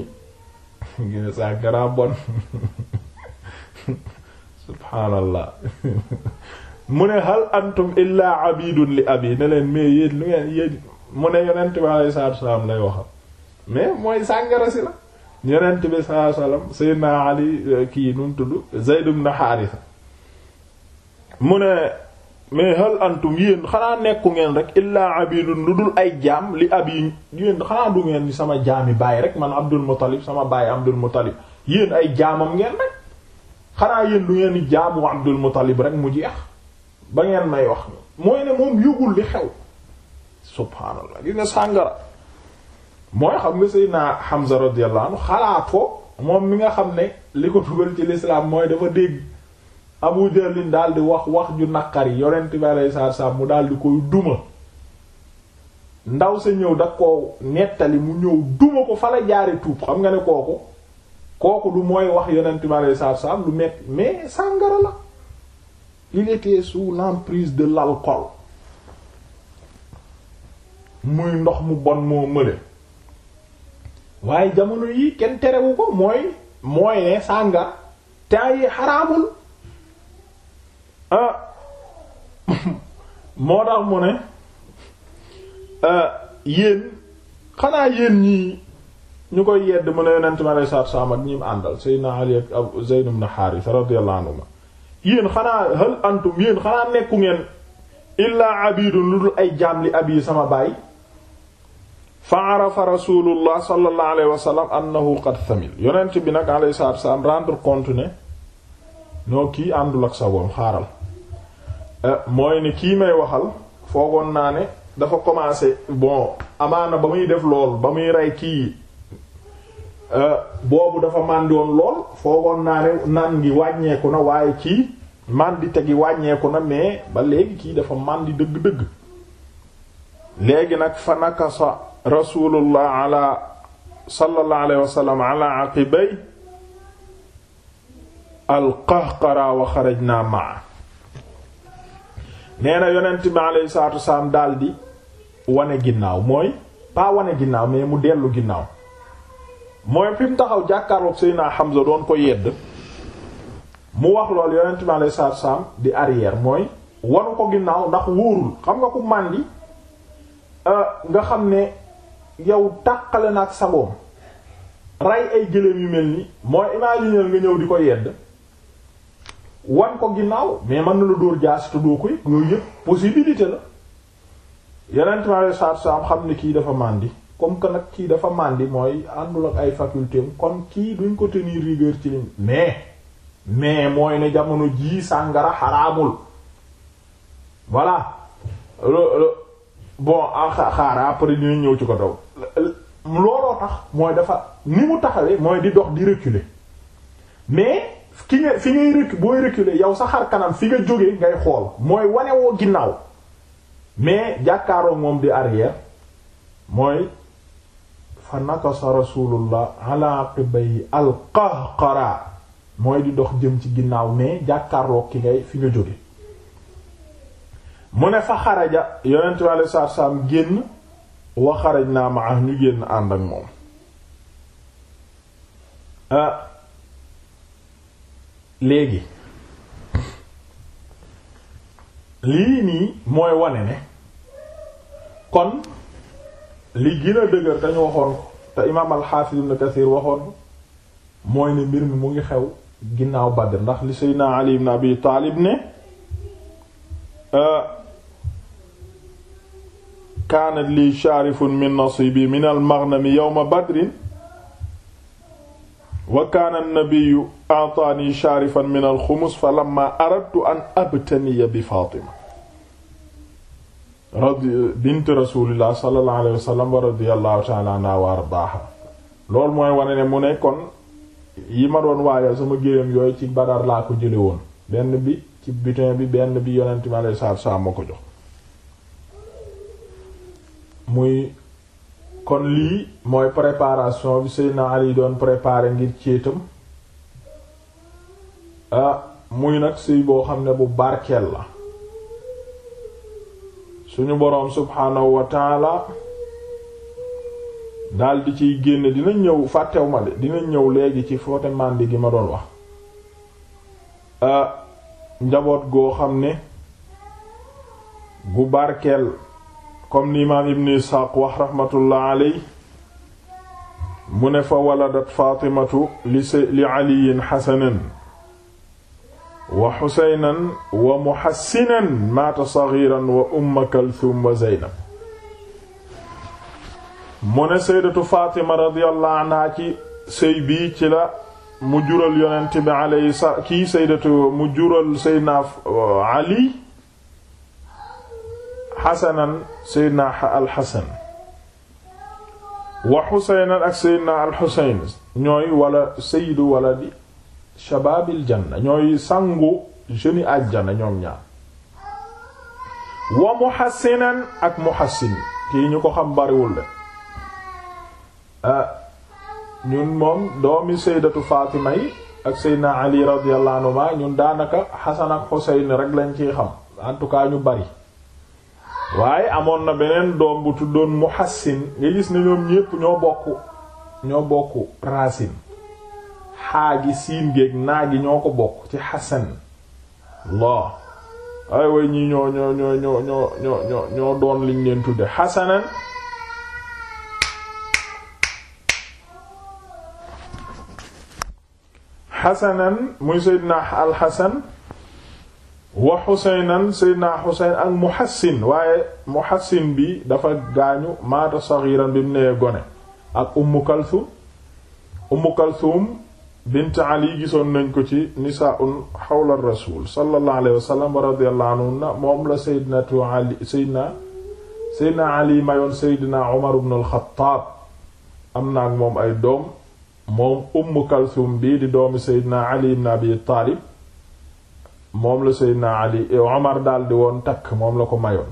ngeen saa gara bon subhaanallah mu ne hal antum illaa abidun li abi ne leen mais yéen mu ne yonent bi alayhi salaatu salaam lay waxam mais mooy sàngara si la yonent bi salaatu salaam Seydina Ali kii nu mu tudd Zayd ibn mu ne mais hal antum yéen xanaa nekku ngeen rek illaa abidun lu dul ay jaam li ab yi yéen xanaa du ngeen ni sama jaami baay rek man Abdul Muttalib sama baay Abdul Muttalib yéen ay jaamam ngeen rek xanaa yéen du ngeen ni jaamu Abdul Muttalib rek mu jeex ba ngeen may wax mooy ne moom yëgul li xew subhaanallah gis nga sàngara mooy xam nga Seydina Hamza radiyallahu anhu xalaatoo moom mi nga xam ne li ko dugal ci lislaam mooy dafa dégg Abu Jahl daal di wax wax ju naqari yonent bi alayhi salaatu mu daal di koy duma ndaw sa ñëw da ko nettali mu ñëw duma ko fa la jaare tuub xam nga ne kooku kooku du mooy wax yonent bi alayhi salaatu salaam lu metti mais sàngara la il était sous l'emprise de l'alcool muy ndox mu bon moo mële waaye jamono yii kenn terewu ko mooy mooy ne sànga te ay xaraamul ah moo tax mu ne ah, yéen xanaa yéen ñii ñu koy yedd mu ne yonent ma lay saat saam ak ñi mu àndal Seydina Ali ak Abu Zayd ibn Haarisa yéen xanaa hal antum yéen xanaa nekku ngeen illaa abidun lu dul ay jaam li abi sama baay fa arafa rasulullah sallallahu alayhi wa sallam annahu qad thamil yonent bi nag alayhi salaatu wa salaam rendre compte ne noo kii àndul ak sa woom xaaral Euh, mooy ne kii may waxal foogoon naa ne dafa commencé bon amaana ba muy def lool ba muy rey kii euh, boobu dafa màndoon lool foogoon naa ne naan gi wàññeeku na waaye kii màndi te gi wàññeeku na mais ba léegi kii dafa màndi dëgg-dëgg léegi nag fa nakasa rasulullah ala sallallahu alayhi wa sallam ala aqibay al qahqara ma'a nee na yonent bi saatu salaatu dal daal di wane ginnaaw mooy paa wane ginnaaw mais mu dellu ginnaaw mooy fi mu taxaw jàkkaarloog Seydina Hamza doon ko yedd mu wax loolu yonent bi alayhi salaatu di arrière mooy wanu ko ginnaaw ndax wóorul xam nga ko màndi euh, nga xam ne yow tàqale na ak sagoom rey ay gëléem yu mel ni mooy imaginer nga ñëw di ko yedd wan ko ginnaaw mais man na la dóor jaas te doo ko yëg yooyu yëpp possibilité la yeneen trois saam xam ne kii dafa màndi comme que nag kii dafa màndi mooy àndul ak ay faculté kon kii duñ ko nii rigueur ci liñ mais mais mooy ne jamono jii sàngara xaraamul voilà bon ah, xaara après dina ñëw ci ko daw looloo tax mooy dafa ni mu taxawee mooy di dox di reculer mais ki nga fi ngay recul booy reculer yow sa xar kanam fi nga jógee ngay xool mooy wane woo ginnaaw mais jàkkaaroo moom di arrière mooy fa nakasa rasulullah ala qibayi alqahqara mooy di dox jëm ci ginnaaw mais jàkkaarloo ki ngay fi nga jóge mu ne fa xaraja yonentu Yàlla saar saam génn wa xaraj naa ma ñu génn ànd ak moom ah, léegi lii nii mooy wane ne kon li gën a dëgër te ñu waxoon ko te imaam al-Hafiz ibn Kathir waxoon mooy ne mbir mi mu ngi xew ginnaaw Badr ndax li Seydina Ali ibn Abi Taalib ne euh, kaanat lii shaarifun min nasibi min al-maghnam yawma Badrin wa kaana an-nabiyyu a'taani shaarifan min al fa lamma aradtu an abtaniya bi Faatima radi bint rasulillah sallallahu alayhi wa sallam wa radiyallahu ta'ala wa ardaaha loolu mooy wane ne mu ne kon yi ma doon waayal sama géwéem yooyu ci Badar laa ko jële woon benn bi ci butin bi benn bi yonent mi alayhi salaatu ma ko jox kon lii mooy préparation bi Seydina Ali doon préparer ngir céetam ah, muy nag sëy boo xam ne bu barkeel la suñu boroom subhaanahu wa taala daldi ciy génne dina ñëw fàttew ma de dina ñëw léegi ci foote màndi gi ma doon wax ah, njaboot goo xam ne bu barkeel comme ni imaam ibn isxaaq wax raxmatullah aley mu ne fa waladat faatimatu li se li wa xuseynan wa muxassinan maata saxiiran wa umma kalthum wa zeynab mu ne seydatu faatima radiyallahu anha ci sëy bii ci la mu jural yonent bi aleyhi sa kii seydatu mu jural seydna uh, ali xasanan seydna alxasan wa xuseynan ak seydna alxuseyn ñooy wala sayyidu wala shabaabil janna ñooy sangu jeune àjjana ñoom ñaar wa muhassinan ak muhassin kii ñu ko xam bariwul de ñun moom doomi saydatu Fatima yi ak seydna Ali radiyallahu anhuma ñun daanaka xasan ak xuseyn rek lañ ciy xam en tout cas ñu bari waaye amoon na beneen doom bu tuddoon Muhassin nga gis ne ñoom ñépp ñoo bokk ñoo bokk racine xaagi siin géeg naa gi ñoo ko bokk ci Hassan Allah liñ leen tudde Hassanan Hassanan muy Seydina Al Hassan wa xuseynan seydna xuseyn ak muhassin waaye muhassin bi dafa gaañu maata saxiran bi mu nee gone ak ummu kalthum bint ali gisoon nañ ko ci nisaun xawla la seydnatu ali seydna seydna ali mayoon seydna umar ibn al-xattaab am na ak moom ay doom moom ummu kalthum bi di doom seydna ali ibn abi taalib moom la seydna ali eh, omar daldi woon takk moom la ko mayoon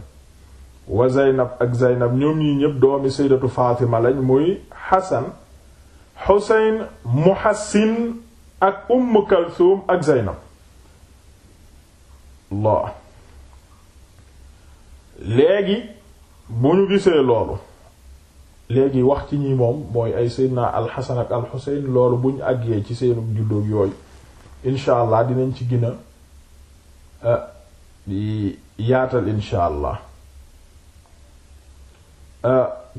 wa zeynab ak zeynab ñoom ñi ñépp doomi saydatu faatima lañ muy xasan xuseyn muhassin ak umm kalsuum ak zeynab léegi bu ñu gisee loolu léegi wax ci ñi moom mooy ay seydna alxasan ak alxuseyn loolu bu ñu ci seenu juddoog yooyu incha dinañ ci gina Ah, yaatal insha allah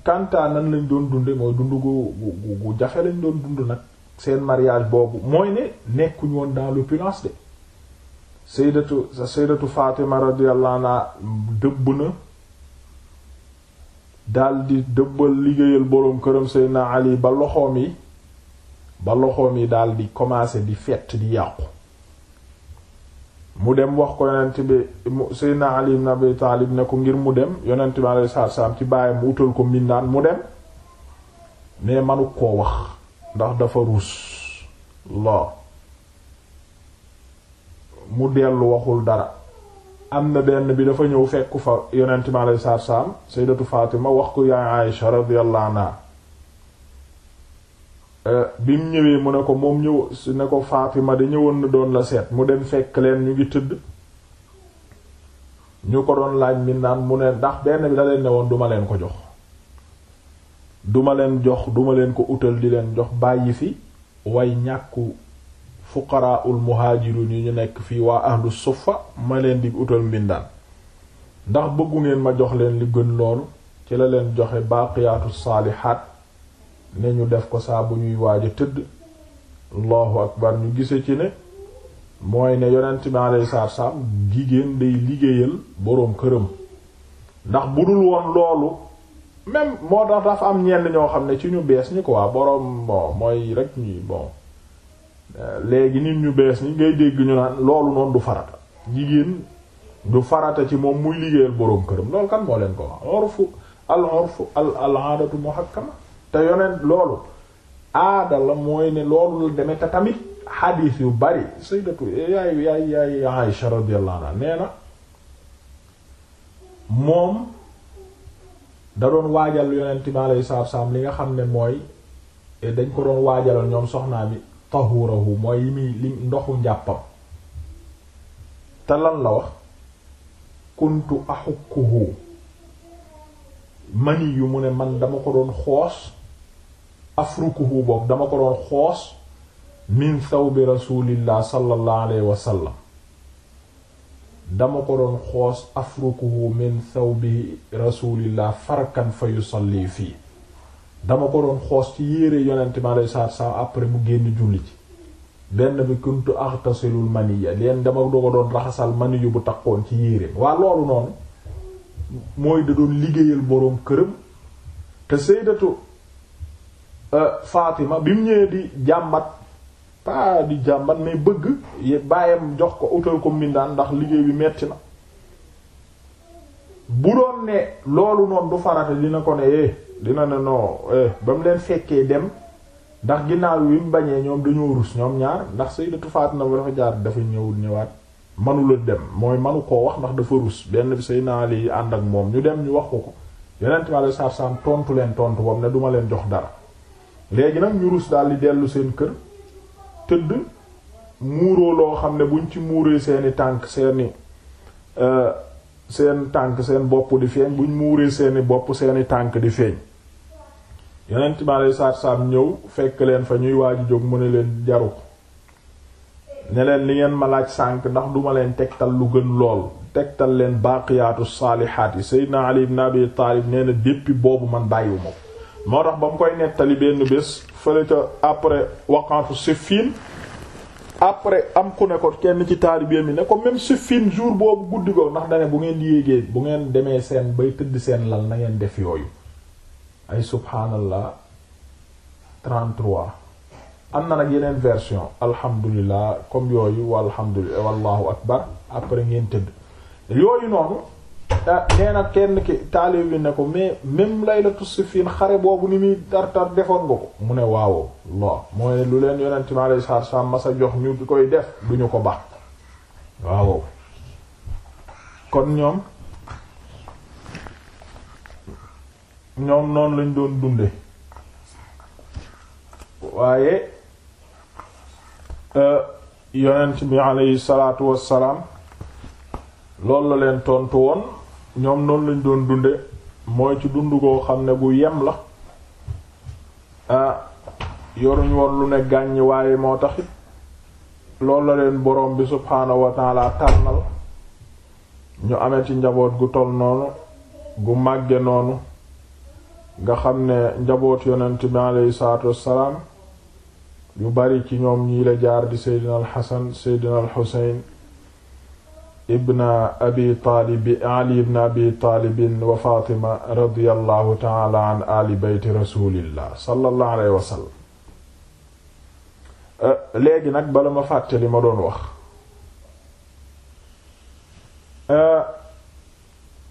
kantaa ah, nan lañ doon dunde mooy dund gu gu gu jaxe lañ doon dund nag seen mariage boobu mooy ne nekkuñ woon dans l'opulence de sayyidatu sayyidatu Fatima radiyallahu anha dëbb na daldi dëbbal liggéeyal boroom këram Seydina Ali ba loxoom yi ba loxoom yi daldi commencer di fett di yàqu mu dem wax ko yonent bi Seydina Ali ibn Taalib ne ko ngir mu dem yonent bi alayhi salaatu salaam ci bàyyi mu utal ko mbindaan mu dem mais manu koo wax ndax dafa ruus la mu dellu waxul dara am na benn bi dafa ñëw fekku fa yonent bi alayhi salaatu salaam Sayyidatu wax ko yaay Aisha radiyallahu anha Euh, bi mu ñëwee mu ne ko moom ñëw si ne ko Fatima da ñëwoon na doon la seet mu dem fekk leen ñu ngi tëdd ñu ko doon laaj mi naan mu ne ndax benn bi da ne woon duma leen ko jox duma leen jox duma leen ko utal di leen jox bàyyi fi way ñàkku fuqaraul muhajirun yi ñu nekk fii waa ahlu suffa ma leen di utal mbindaan ndax bëggu ngeen ma jox leen li gën loolu ci la leen joxe baaqiyaatu saalihaat ne ñu def ko saabu ñuy waaj a tëdd allahu akbar ñu gise ci ne mooy ne yonent bi alayhi salaatu jigéen day liggéeyal boroom këram ndax bu dul woon loolu même moo tax daf am ñenn ñoo xam ne ci ñu bees ñi quoi boroom bon mooy rek ñi bon léegi nit ñu bees ñi ngay dégg ñu naan loolu noonu du farata jigéen du farata ci moom muy liggéeyal boroom këram loolu kan moo leen ko wax al urfu al al aadatu muhakkama te yonent loolu aada la mooy ne loolu la demee te tamit xadiis yu bari sayyidatu yaay yaay yaay Aïsha radiyallahu anha nee na moom da doon waajal yonent mi alayhi salaatu wassalaam li nga xam ne mooy e dañ ko doon waajaloon ñoom soxnaa bi tahurahu mooy yi muy ndoxu njàppam te lan la wax kuntu axukkuhu mani yu mu ne man dama ko doon xoos afrukuhu boog dama ko doon xoos min thawbi rasulillah sallallahu alayhi wa sallam dama ko doon xoos afrukuhu min thawbi rasulillah farkan fa yusalli fii dama ko doon xoos ci yére yonent mi après bu génn julli ci benn bi kuntu axtasilul maniya leen dama doo ko doon raxasal maniyu bu takkoon ci yéreem waa loolu noonu mooy da doon liggéeyal boroom këram te sayyidatu Euh, Fatima bi mu ñëwee di jàmbat pas di jàmbat mais bëgg bàyyam jox ko utal ko mbindaan ndax liggéey bi metti na bu doon ne loolu noonu du farata dina ko ne eh dina ne non eh, ba mu leen fekkee dem ndax ginnaaw bi mu bañee ñoom dañoo rus ñoom ñaar ndax Sayyidatu Fatima ba dafa jaar dafa ñëwul ñëwaat manula dem mooy manu koo wax ndax dafa rus benn bi naa Ali ànd ak moom ñu dem ñu wax ko ko yeneen tamit tontu leen tontu boobu ne duma leen jox dara. léegi nag ñu rus daal di dellu seen kër tëdd muuroo loo xam ne buñ ci muuree seeni tànk seeni euh, seen tànk seen bopp di feeñ buñ muuree seeni bopp seeni tànk di feeñ yenent mi alei saatu salaam ñëw fekk leen fa ñuy waaji jóg mu ne leen jaru ne leen li ngeen ma laaj sànk ndax duma leen tegtal lu gën lool tegtal leen baaqiyaatu saalihaat yi Seydina Ali ibn Abi Taalib nee na déppi boobu man bàyyiwu ma ko moo tax ba mu koy nettali benn bés fële ca après waqantu Siffin après am ku ne ko kenn ci taalibe mi ne ko même Siffin jour boobu guddi ko ndax dane bu ngeen yéegee bu ngeen demee seen bay tëdd seen lal na ngeen def yooyu ay subhaanallah 33 am na nag yeneen version alhamdulilah comme yooyu walhamdulilah wallahu akbar après ngeen tëdd yooyu noonu nee kenn ki taalib bi ne ko mais même laylatu sifin xare boobu ni muy tartar defoon nga ko mu ne waaw Allah mooy lu leen yonent mi alayhi salaatu salaam jox ñu koy def du ñu ko baax waaw ñoom ñoom noonu lañ doon dunde waaye euh, yonent bi salaatu wassalaam loolu la leen tontu woon ñoom noonu lañ doon dunde mooy ci dundu koo xam ne bu yem la ah yoruñ lu ne gàññ waaye moo taxit lool la leen borom bi subhaanahu wa taala tànnal ñu amee ci njaboot gu tol noonu gu màgge noonu nga xam ne njaboot yonent bi aleyhi salaatu wassalaam yu bari ci ñoom ñii la jaar di seydina al xasan seydina ibn abi taalib ali ibn abi taalib wa fatima radiyallahu taala an ali beyt rasulillah sallallahu alayhi wa sallam euh, léegi nag bala ma fàtte li ma doon wax euh,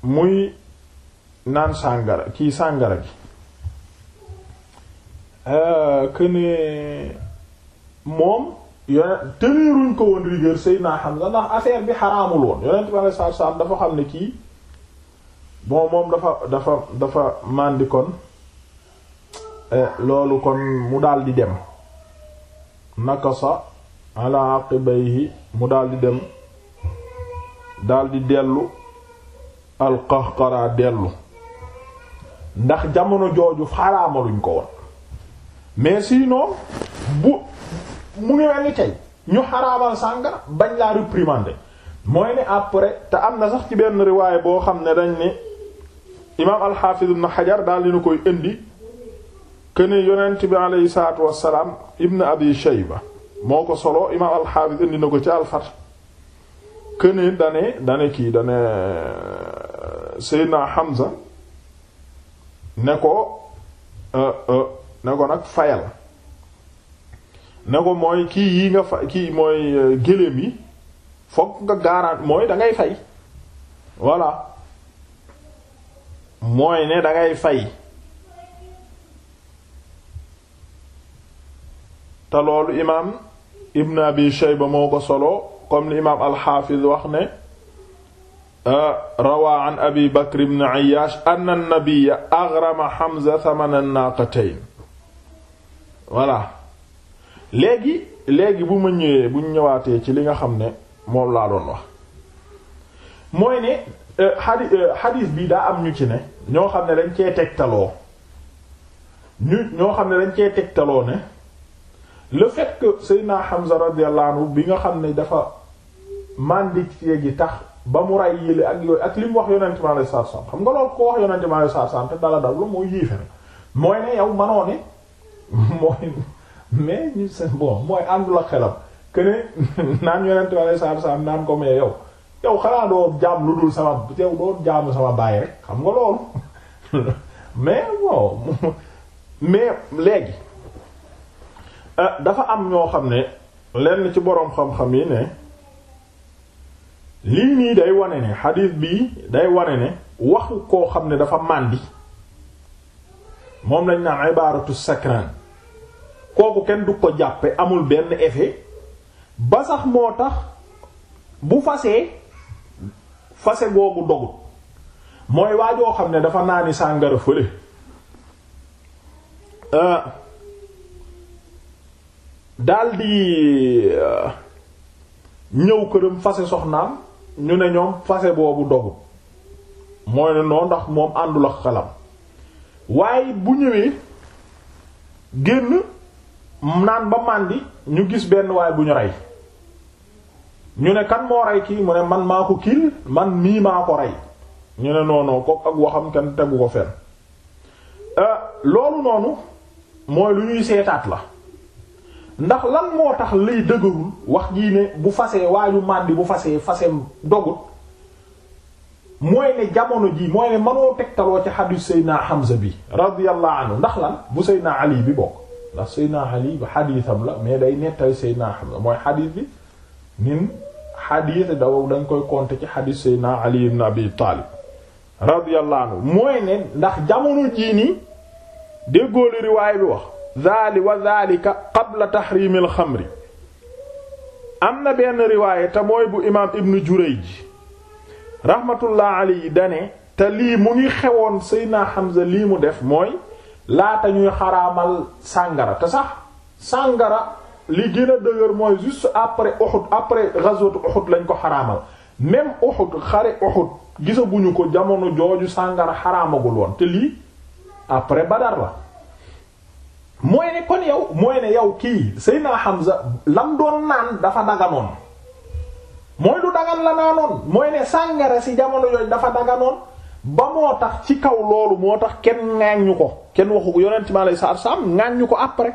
muy naan sàngara kii sàngara gi këne euh, moom yonent teniruñ ko woon rigueur Seydina Hamza ndax affaire bi xaraamul woon yonent bi alayhi salaatu salaam dafa xam ne kii bon moom dafa dafa dafa màndi kon eh, loolu kon mu daal di dem nakasa ala aqibayhi mu dal di dem daal di dellu alqahqara dellu ndax jamono jooju xaraamaluñ ko woon mais sinon bu mu ngi mel tey ñu xaraamal sàngara bañ laa réprimander mooy ne après te am na sax ci benn riwaay boo xam ne dañ ne imaam alxaafiz ibn xajar daal dina koy indi këne yonent bi aleyhi salaatu wassalaam ibn abi shayba moo ko solo imaam alxaafiz indi na ko ci alfat këne dane dane kii dane euh, seydna hamza ne ko euh, euh, ne ko nag fayal ne ko mooy kii yi nga fa kii mooy euh, gëléem yi fokk nga garant mooy da fay voilà mooy ne da fay te loolu imaam Ibn Abi Shayba moo ko solo comme li imaam al-Hafiz wax euh, an Abi Bakr ibn Ayyash anna an-nabiyya aghrama Hamza thamana an-naqatayn voilà léegi léegi bu ma ñëwee buñ ñëwaatee ci li nga xam ne moom laa doon wax mooy ne euh, xadi euh, xadis bi daa am ñu ci ne ñoo xam ne dañ cee tegtaloo ñu ñoo xam ne dañ cee tegtaloo ne le fait que Seydina Hamza radiyallahu anhu bi nga xam ne dafa màndicee ji tax ba mu ray ak yooyu ak li mu wax yonente mi alei satu salam xam nga loolu ko wax yonente mi alei satu salam te dala dal la mooy yéefér mooy ne yow manoo ne mooy mais ñu seen bon mooy àndul ak xelam que ne naan yonent bi alayhi salaatu naan ko mais yow yow xanaa doo jaam lu dul sama yow doo jaamu sama baay rek xam nga loolu mais bon mais léegi euh, dafa am ñoo xam ne lenn ci boroom xam-xam yi ne lii nii day wane ne xadiis bii day wane ne waxu koo xam ne dafa màndi moom lañ naan ibaaratu sakran kooku kenn du ko jàppe amul benn effet ba sax moo tax bu fasee fase googu dogut mooy waajoo xam ne dafa naani sàngara fële euh, daldi euh, ñëw këram fase soxnaam ñu ne ñoom fase boobu dogut mooy ne noo ndax moom àndul ak xalam waaye bu ñëwee génn naan ba màndi ñu gis benn waay bu ñu rey ñu ne kan moo rey kii mu ne man maa ko kill man mii maa ko rey ñu ne noonoo ko ak waxam kenn tegu ko fenn euh, loolu noonu mooy lu ñuy seetaat la ndax lan moo tax lay dëgërul wax jii ne bu fasee waaju màndi bu fase faseem dogut mooy ne jamono ji mooy ne mënoo tegtaloo ci xadiis Seydina Hamza bi radiyallahu anu ndax lan bu Seydina Ali bi bokk ndax Seydina Ali ba xadiisam la mais day nettali Seydina Hamza mooy xadiis bi nin xadiis daw dañ koy compter ci xadiis Seydina Ali ibn Abi Taalib radiyallahu mooy ne ndax jamono jii nii déggoo li riwaay bi wax zaali wa zaalika qabla tahriimil xamri am na benn riwaay te mooy bu imaam Ibn Jurayj rahmatullah alayhi dane te lii mu ngi xewoon Seydina Hamza lii mu def mooy laata ñuy xaraamal sàngara te sax sàngara li gën a dëgër mooy juste après Uhud après ghazwat Uhud lañ ko xaraamal même Uhud xare Uhud gisaguñu ko jamono jooju sàngara xaraamagul woon te lii après Badar la mooy ne kon yow mooy ne yow kii Seydina Hamza lam doon naan dafa daganoon mooy lu dagan la naanoon mooy ne sàngara si jamono jooju dafa daganoon ba moo tax ci kaw loolu moo tax kenn ŋaañu ko kenn waxu ko yonent sa alayhi salaatu salaam ŋaañu ko après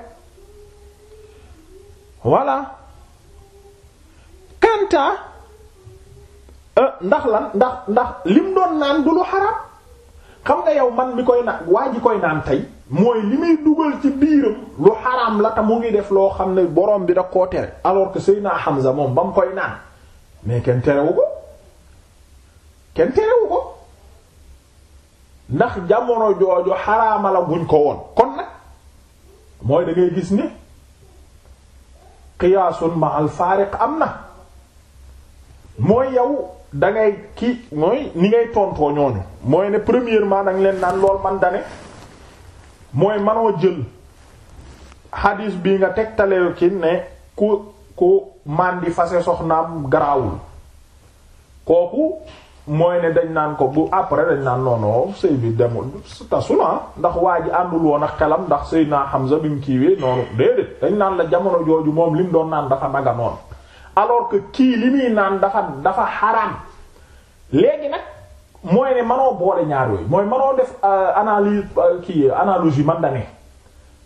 voilà kanta euh, ndax lan ndax ndax lim doon naan du lu xaraam xam nga yow man mi koy naan waa ji koy naan tey mooy li muy dugal ci biiram lu xaraam la te mu ngi def loo xam ne borom bi da koo tere alors que Seydina Hamza moom ba mu koy naan mais kenn terewu ko kenn terewu ko ndax jamono jooju xaramala la guñ ko woon kon nag mooy dangay gis ni qiyaasun ma al am na mooy yow da ngay ki mooy ni ngay tontoo ñooñu mooy ne premièrement danga leen naan lool man dane mooy manoo jël hadis bi nga tegtale ci ne ku ku màndi fase soxnaam garaawul kooku mooy ne dañ naan ko bu après dañ naan noonu sëy bi demul tasu na ah. ndax waa ji àndul woon ak xelam ndax Seydina Hamza bi mu kiiwee noonu déedéet dañ naan la jamono jooju moom lim doon naan dafa naga alors que kii li muy naan dafa dafa xaraam léegi nag mooy ne manoo boole ñaar yooyu mooy manoo def euh, analyse euh, kii analogie man da ne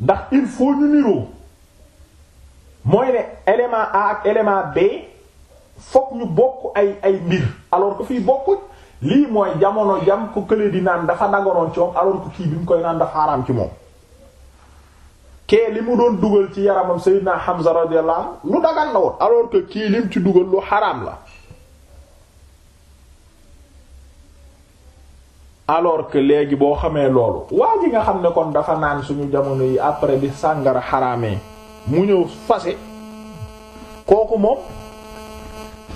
ndax il faut ñu niroo mooy ne élément A ak B. fokk ñu bokk ay ay mbir alors que fii bokkuñ lii mooy jamono jam ko kële di naan dafa nagaroon ci moom alors que kii bi mu koy naan dafa xaraam ci moom kee li mu doon dugal ci yaramam Seydina Hamza radiyallahu anhu lu dagal la woon alors que kii lim ci dugal lu xaraam la alors que léegi boo xamee loolu waa ji nga xam ne kon dafa naan suñu jamono yi après bi sàngara xaraamee mu ñëw fase kooku moom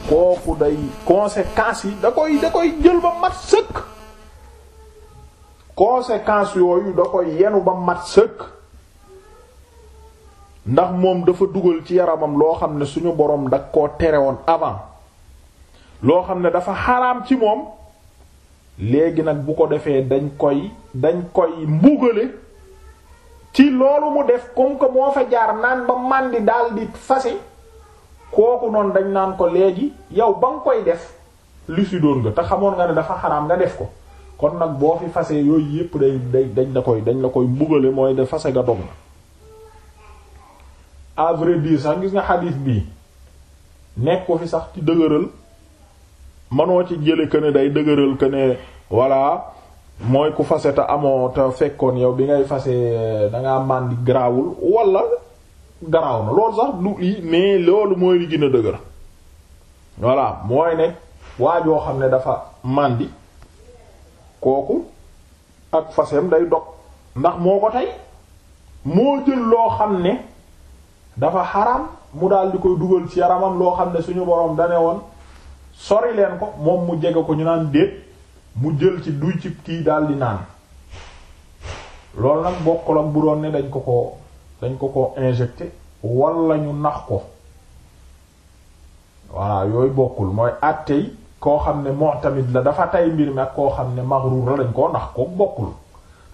kooku day conséquences yi da koy da koy jël ba mat sëkk conséquences yooyu da koy yenu ba mat sëkk ndax moom dafa dugal ci yaramam loo xam ne suñu boroom da koo tere woon avant loo xam ne dafa xaraam ci moom léegi nag bu ko defee dañ koy dañ koy mbugale ci loolu mu def comme que moo fa jaar naan ba màndi di fasi kooku noonu dañ naan ko léegi yow ba nga koy def lu si doon nga te xamoon nga ne dafa xaraam nga def ko kon nag boo fi fasee yooyu yépp day day dañ la koy dañ la koy mbugale mooy de fase ga dog na à vrai dire sax gis nga xadiis bii nekk ko fi sax ci dëgëral manoo ci jële que ne day dëgëral que ne voilà mooy ku fase te amoo te fekkoon yow bi ngay fase eh, dangaa màndi garaawul walla garaaw na loolu sax du lii mais loolu mooy li gën dëgër voilà mooy ne waa joo xam ne dafa màndi kooku ak faseem day dog ndax moo ko tey moo jël loo xam ne dafa xaram mu daal di koy dugal ci yaramam loo xam ne suñu borom dane woon sori leen ko moom mu jege ko ñu naan déet mu jël ci duy cib kii daal di naan loolu nag bokkul ak bu doon ne dañ ko ko dañ ko ko injecté wala ñu nax ko voilà yooyu bokkul mooy àttey koo xam ne moo tamit la dafa tay mbir mi ak koo xam ne maghrur la dañ koo nax ko bokkul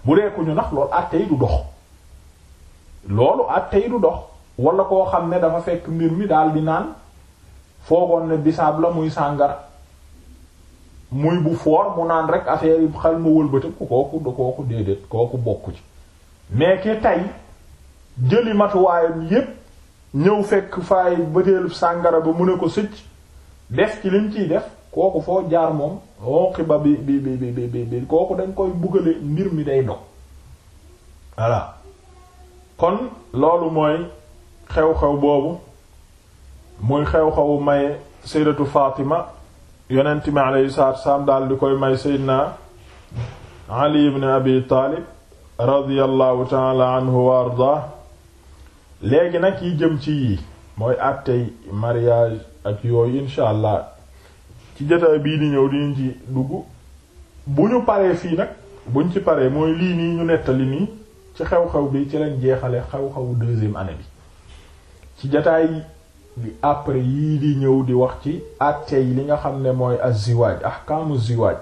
bu dee nax loolu àttey dox loolu àttey dox wala koo xam ne dafa fekk mbir mi daal di naan foogoon ne muy sàngara muy mu naan rek affaire kooku da bokku ci mais tay jëli matuwaayam yépp ñëw fekk faay bëteelub sàngara ba mu ne ko sëcc def ci lim ciy def kooku foo jaar moom wonqiba bi bi bi bi bi bi kooku dañ koy bugale mbir mi day dog voilà kon loolu mooy xew-xew boobu muy xew-xewu may sayyidatu Fatima yonent mi alayhi salaatu wasalaam daal di koy may sayyidina Ali ibn Abi Taalib radiyallahu ta'ala anhu wa ardaa léegi nag yi jëm ci yii mooy àttey mariage ak yooyu insha allah ci jotaay bii di ñëw dinañ ci dugg bu ñu paree fii nag buñ ci paree mooy lii nii ñu nettali nii ci xew-xew bi ci lañ jeexale xew-xewu deuxième année ci jotaay bi après yii di ñëw di wax ci àttey li nga xam ne mooy az-ziwaaj ahkaamu ziwaaj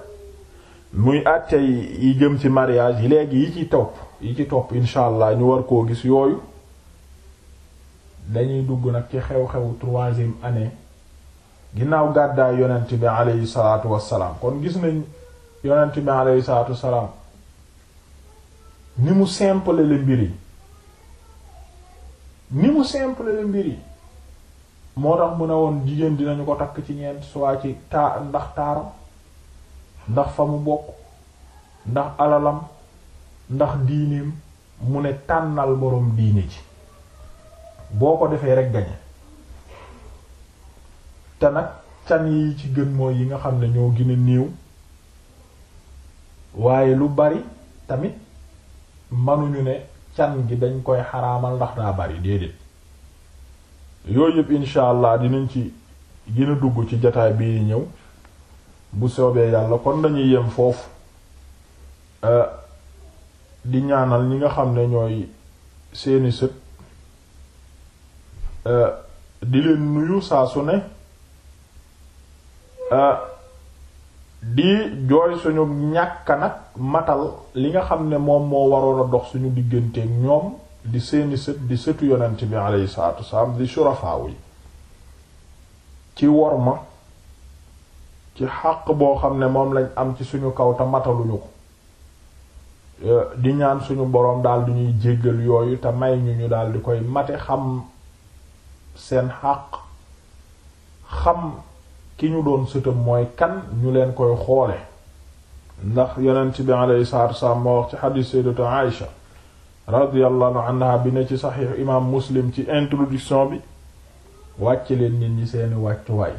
muy àttey yi jëm ci mariage yi léegi yi ci topp yi ci topp insha allah ñu war koo gis yooyu dañuy dugg nag ci xew-xewu troisième année ginnaaw gàddaay yonent bi aleyhi salaatu wassalaam kon gis nañ yonent bi aleyhi salaatu wassalaam ni mu simple le mbir ni mu simple le mbir moo tax mu ne woon jigéen dinañu ko takk ci ñeent soit ci taa ndax taaram ndax fa mu bokk ndax alalam ndax diineem mu ne tànnal boroom diine ci boo ko defee rek gañe te nag can yi ci gën mooy yi nga xam ne ñoo gën niiw waaye lu bari tamit manuñu ne can gi dañ koy xaraamal ndax daa bari déedéet yooyu insha allah dinañ ci gën a dugg ci jataay bii ñëw bu soobee yàlla kon dañuy yem foofu eh, di ñaanal ñi nga xam ne ñooy seeni sët Euh, di leen nuyu saa su ne euh, di jooy suñu ñàkk nag matal li nga xam ne moom moo waroon a dox suñu digganteeg ñoom di seeni sët di sëtu yonent bi alayhi salaatu wasalaam di surafaaw yi ci worma ci xaq boo xam ne moom lañ am ci suñu kaw te mataluñu ko euh, di ñaan suñu boroom daal di ñuy jéggal yooyu te may ñu ñu daal di koy mate xam seen xàq xam ki ñu doon sëtam mooy kan ñu leen koy xoole ndax yonent bi alayhi salaatu wassalaam moo wax ci xadiis sayyidatu Aïsha radiyallahu anha bi ne ci saxiix imaam Muslim ci introduction bi wàcce leen nit ñi seeni wàccuwaay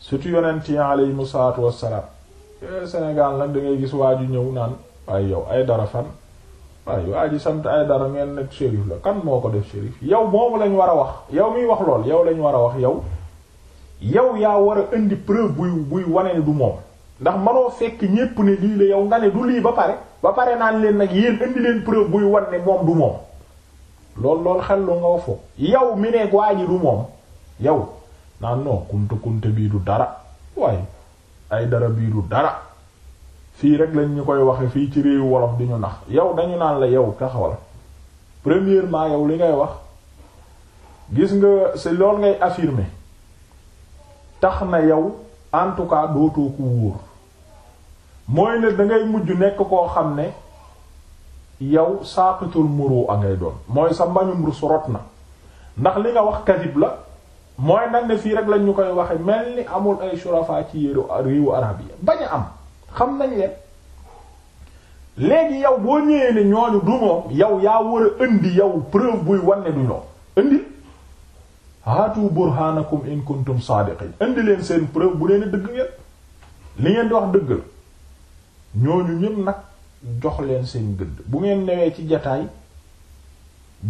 surtout yonent yi alayhimu salaatu wassalaam Sénégal nag da ngay gis waaju ñëw naan waaye yow ay dara fan waaye waa ji sant ay dara ngeen nekk shérif la kan moo ko def shérif yow moomu lañ war a wax yow miy wax lool yow lañ war a wax yow yow yaa war a indi preuve buy buy wane ne du moom ndax manoo fekk ñépp ne lii la yow nga ne du lii ba pare ba pare naan leen nag yéen indi leen preuve buy wane ne moom du moom lool lool xel lu nga fo yow mi ne waa ji du moom yow naan non kunte kunte bii du dara waaye ay dara bii du dara fii rek lañ ñu koy waxe fii ci réewu wolof di ñu nax yow dañu naan la yow taxawal premièrement yow li ngay wax gis nga si lool ngay affirmer tax na yow en tout cas dootoo wóor mooy ne dangay mujj nekk koo xam ne yow saaqitul muru a ngay doon mooy sa mbañum rus rot na ndax li nga wax kadib la mooy nag ne fii rek lañ ñu koy waxe mel ni amul ay shurafa ci yéru réewu arab yi bañ a am xam nañ leen léegi yow boo ñëwee ne ñooñu du moom yow yaa war a indi yow preuve buy wanne du ñoom indi haatu burhanakum in kuntum saadiqin indi leen seen preuve bu leen dëgg ngeen li ngeen di wax dëgg ñooñu ñëpp nag jox leen seen gëdd bu ngeen newee ci jataay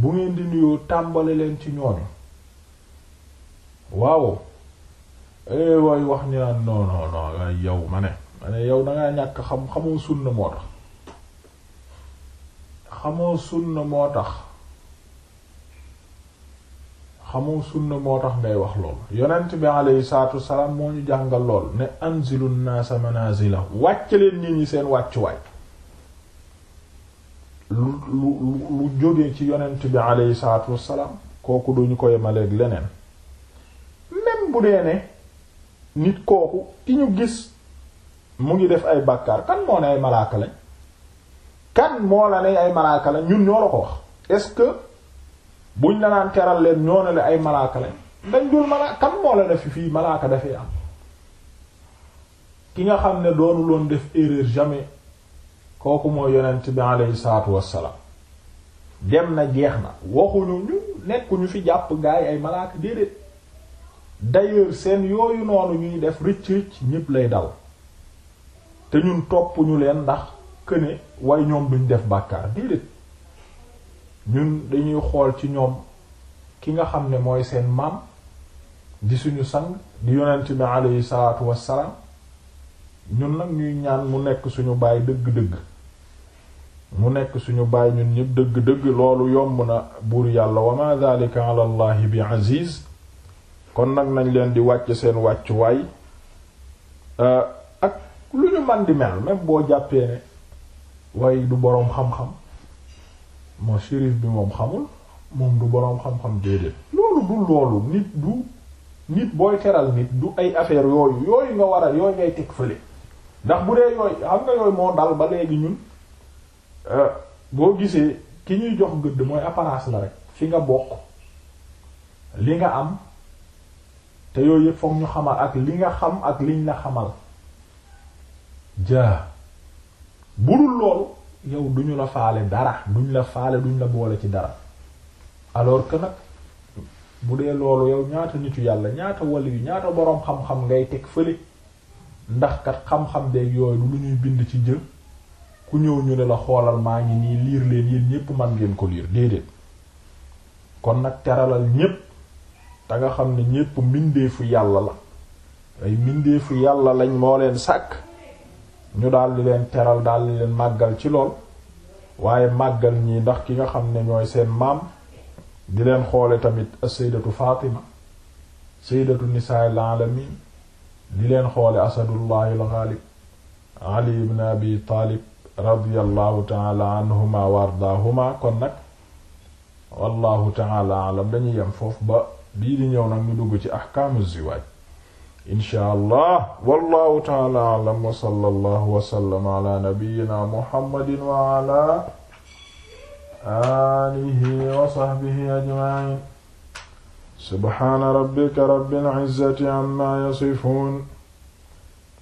bu ngeen di nuyoo tàmbale leen ci ñooñu waaw eh waay wax ñu naan non non non ma ne. ma yow dangaa ñàkk xam xamoo sunna moo tax xamoo sunna moo tax xamoo sunna moo tax ngay wax lool yonent bi alayhi salaatu wassalaam moo ñu jàngal lool ne anzilu naasa manazila wàcc leen nit ñi seen wàccuwaay lu lu lu jógee ci yonent bi alayhi salaatu wassalaam kooku duñu ko yemaleeg leneen même bu dee ne nit kooku ki ñu gis mu ngi def ay bàkkaar kan moo ne ay malaaka lañ kan moo la ne ay malaaka lañ ñun ñoo la ko est-ce que buñ la naan keral leen ñoo ne la ay malaaka lañ dañ dul malaaka kan moo la ne fi fii malaaka dafay am ki nga xam ne doonu loon def erreur jamais kooku moo yonent bi aleyhi salaatu wassalaam dem na geex na waxuñu ñu nekkuñu fi jàpp gaay ay malaaka déedéet d'ailleurs seen yooyu noonu ñuy def ricc rëcc ñépp lay dal te ñun topp ñu leen ndax këne way ñoom duñ def bàkkaar déedéet ñun dañuy xool ci ñoom ki nga xam ne mooy seen maam di suñu sang di yonent bi aleyhi salaatu wassalaam ñun nag ñuy ñaan mu nekk suñu baay dëgg-dëgg mu nekk suñu baay ñun ñëpp dëgg-dëgg loolu yomb na buur yàlla wa ma dhalika ala bi aziz kon nag nañ leen di wàcc seen wàccuwaay ak lu ñu man di mel même boo jàppee ne waaye du boroom xam-xam moo shérif bi moom xamul moom du boroom xam-xam déedéet loolu du loolu nit du nit booy teral nit du ay affaire yooyu yooyu nga war a yooyu ngay teg fële ndax bu dee yooyu xam nga yooyu moo dal ba léegi ñun euh, boo gisee ki ñuy jox gëdd mooy apparence la rek fi nga bokk li nga am te yooyu yëpp foog ñu xamal ak li nga xam ak liñ la xamal jaa budul loolu yow duñu la faale dara duñ la faale duñ la boole ci dara alors que nag bu dee loolu yow ñaata nitu yàlla ñaata wàll yu ñaata boroom xam-xam ngay teg fële ndax kat xam-xam beeg yooyu lu ñuy bind ci jël ku ñëw ñu ne la xoolal maa ngi nii liir leen yéen ñépp man ngeen ko liir déedéet kon nag teralal ñépp te nga xam ne ñépp mbindeefu yàlla la ay mbindeefu yàlla lañ moo leen sàkk ñu daal di leen teral di leen màggal ci lool waaye màggal ñii ndax ki nga xam ne ñooy seen maam di leen xoole tamit saydatu Fatima saydatu nisaa'il alamin di leen xoole asadullahi al-ghalib ali ibn abi taalib radiyallahu taala anhuma wa ardaahuma kon nag wallahu taala alam dañuy yem foofu ba bii di ñëw nag ñu dugg ci ahkaamu ziwaaj incha allah wallahu taala alam wa sallallahu wa sallama ala nabiyyina muhammadin wa ala alihi wa sahbihi ajma'in subhana rabbika rabbil izzati amma yasifun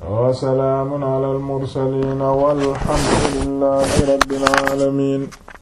wa salaamun ala al mursalin walhamdulillahi rabbil alamin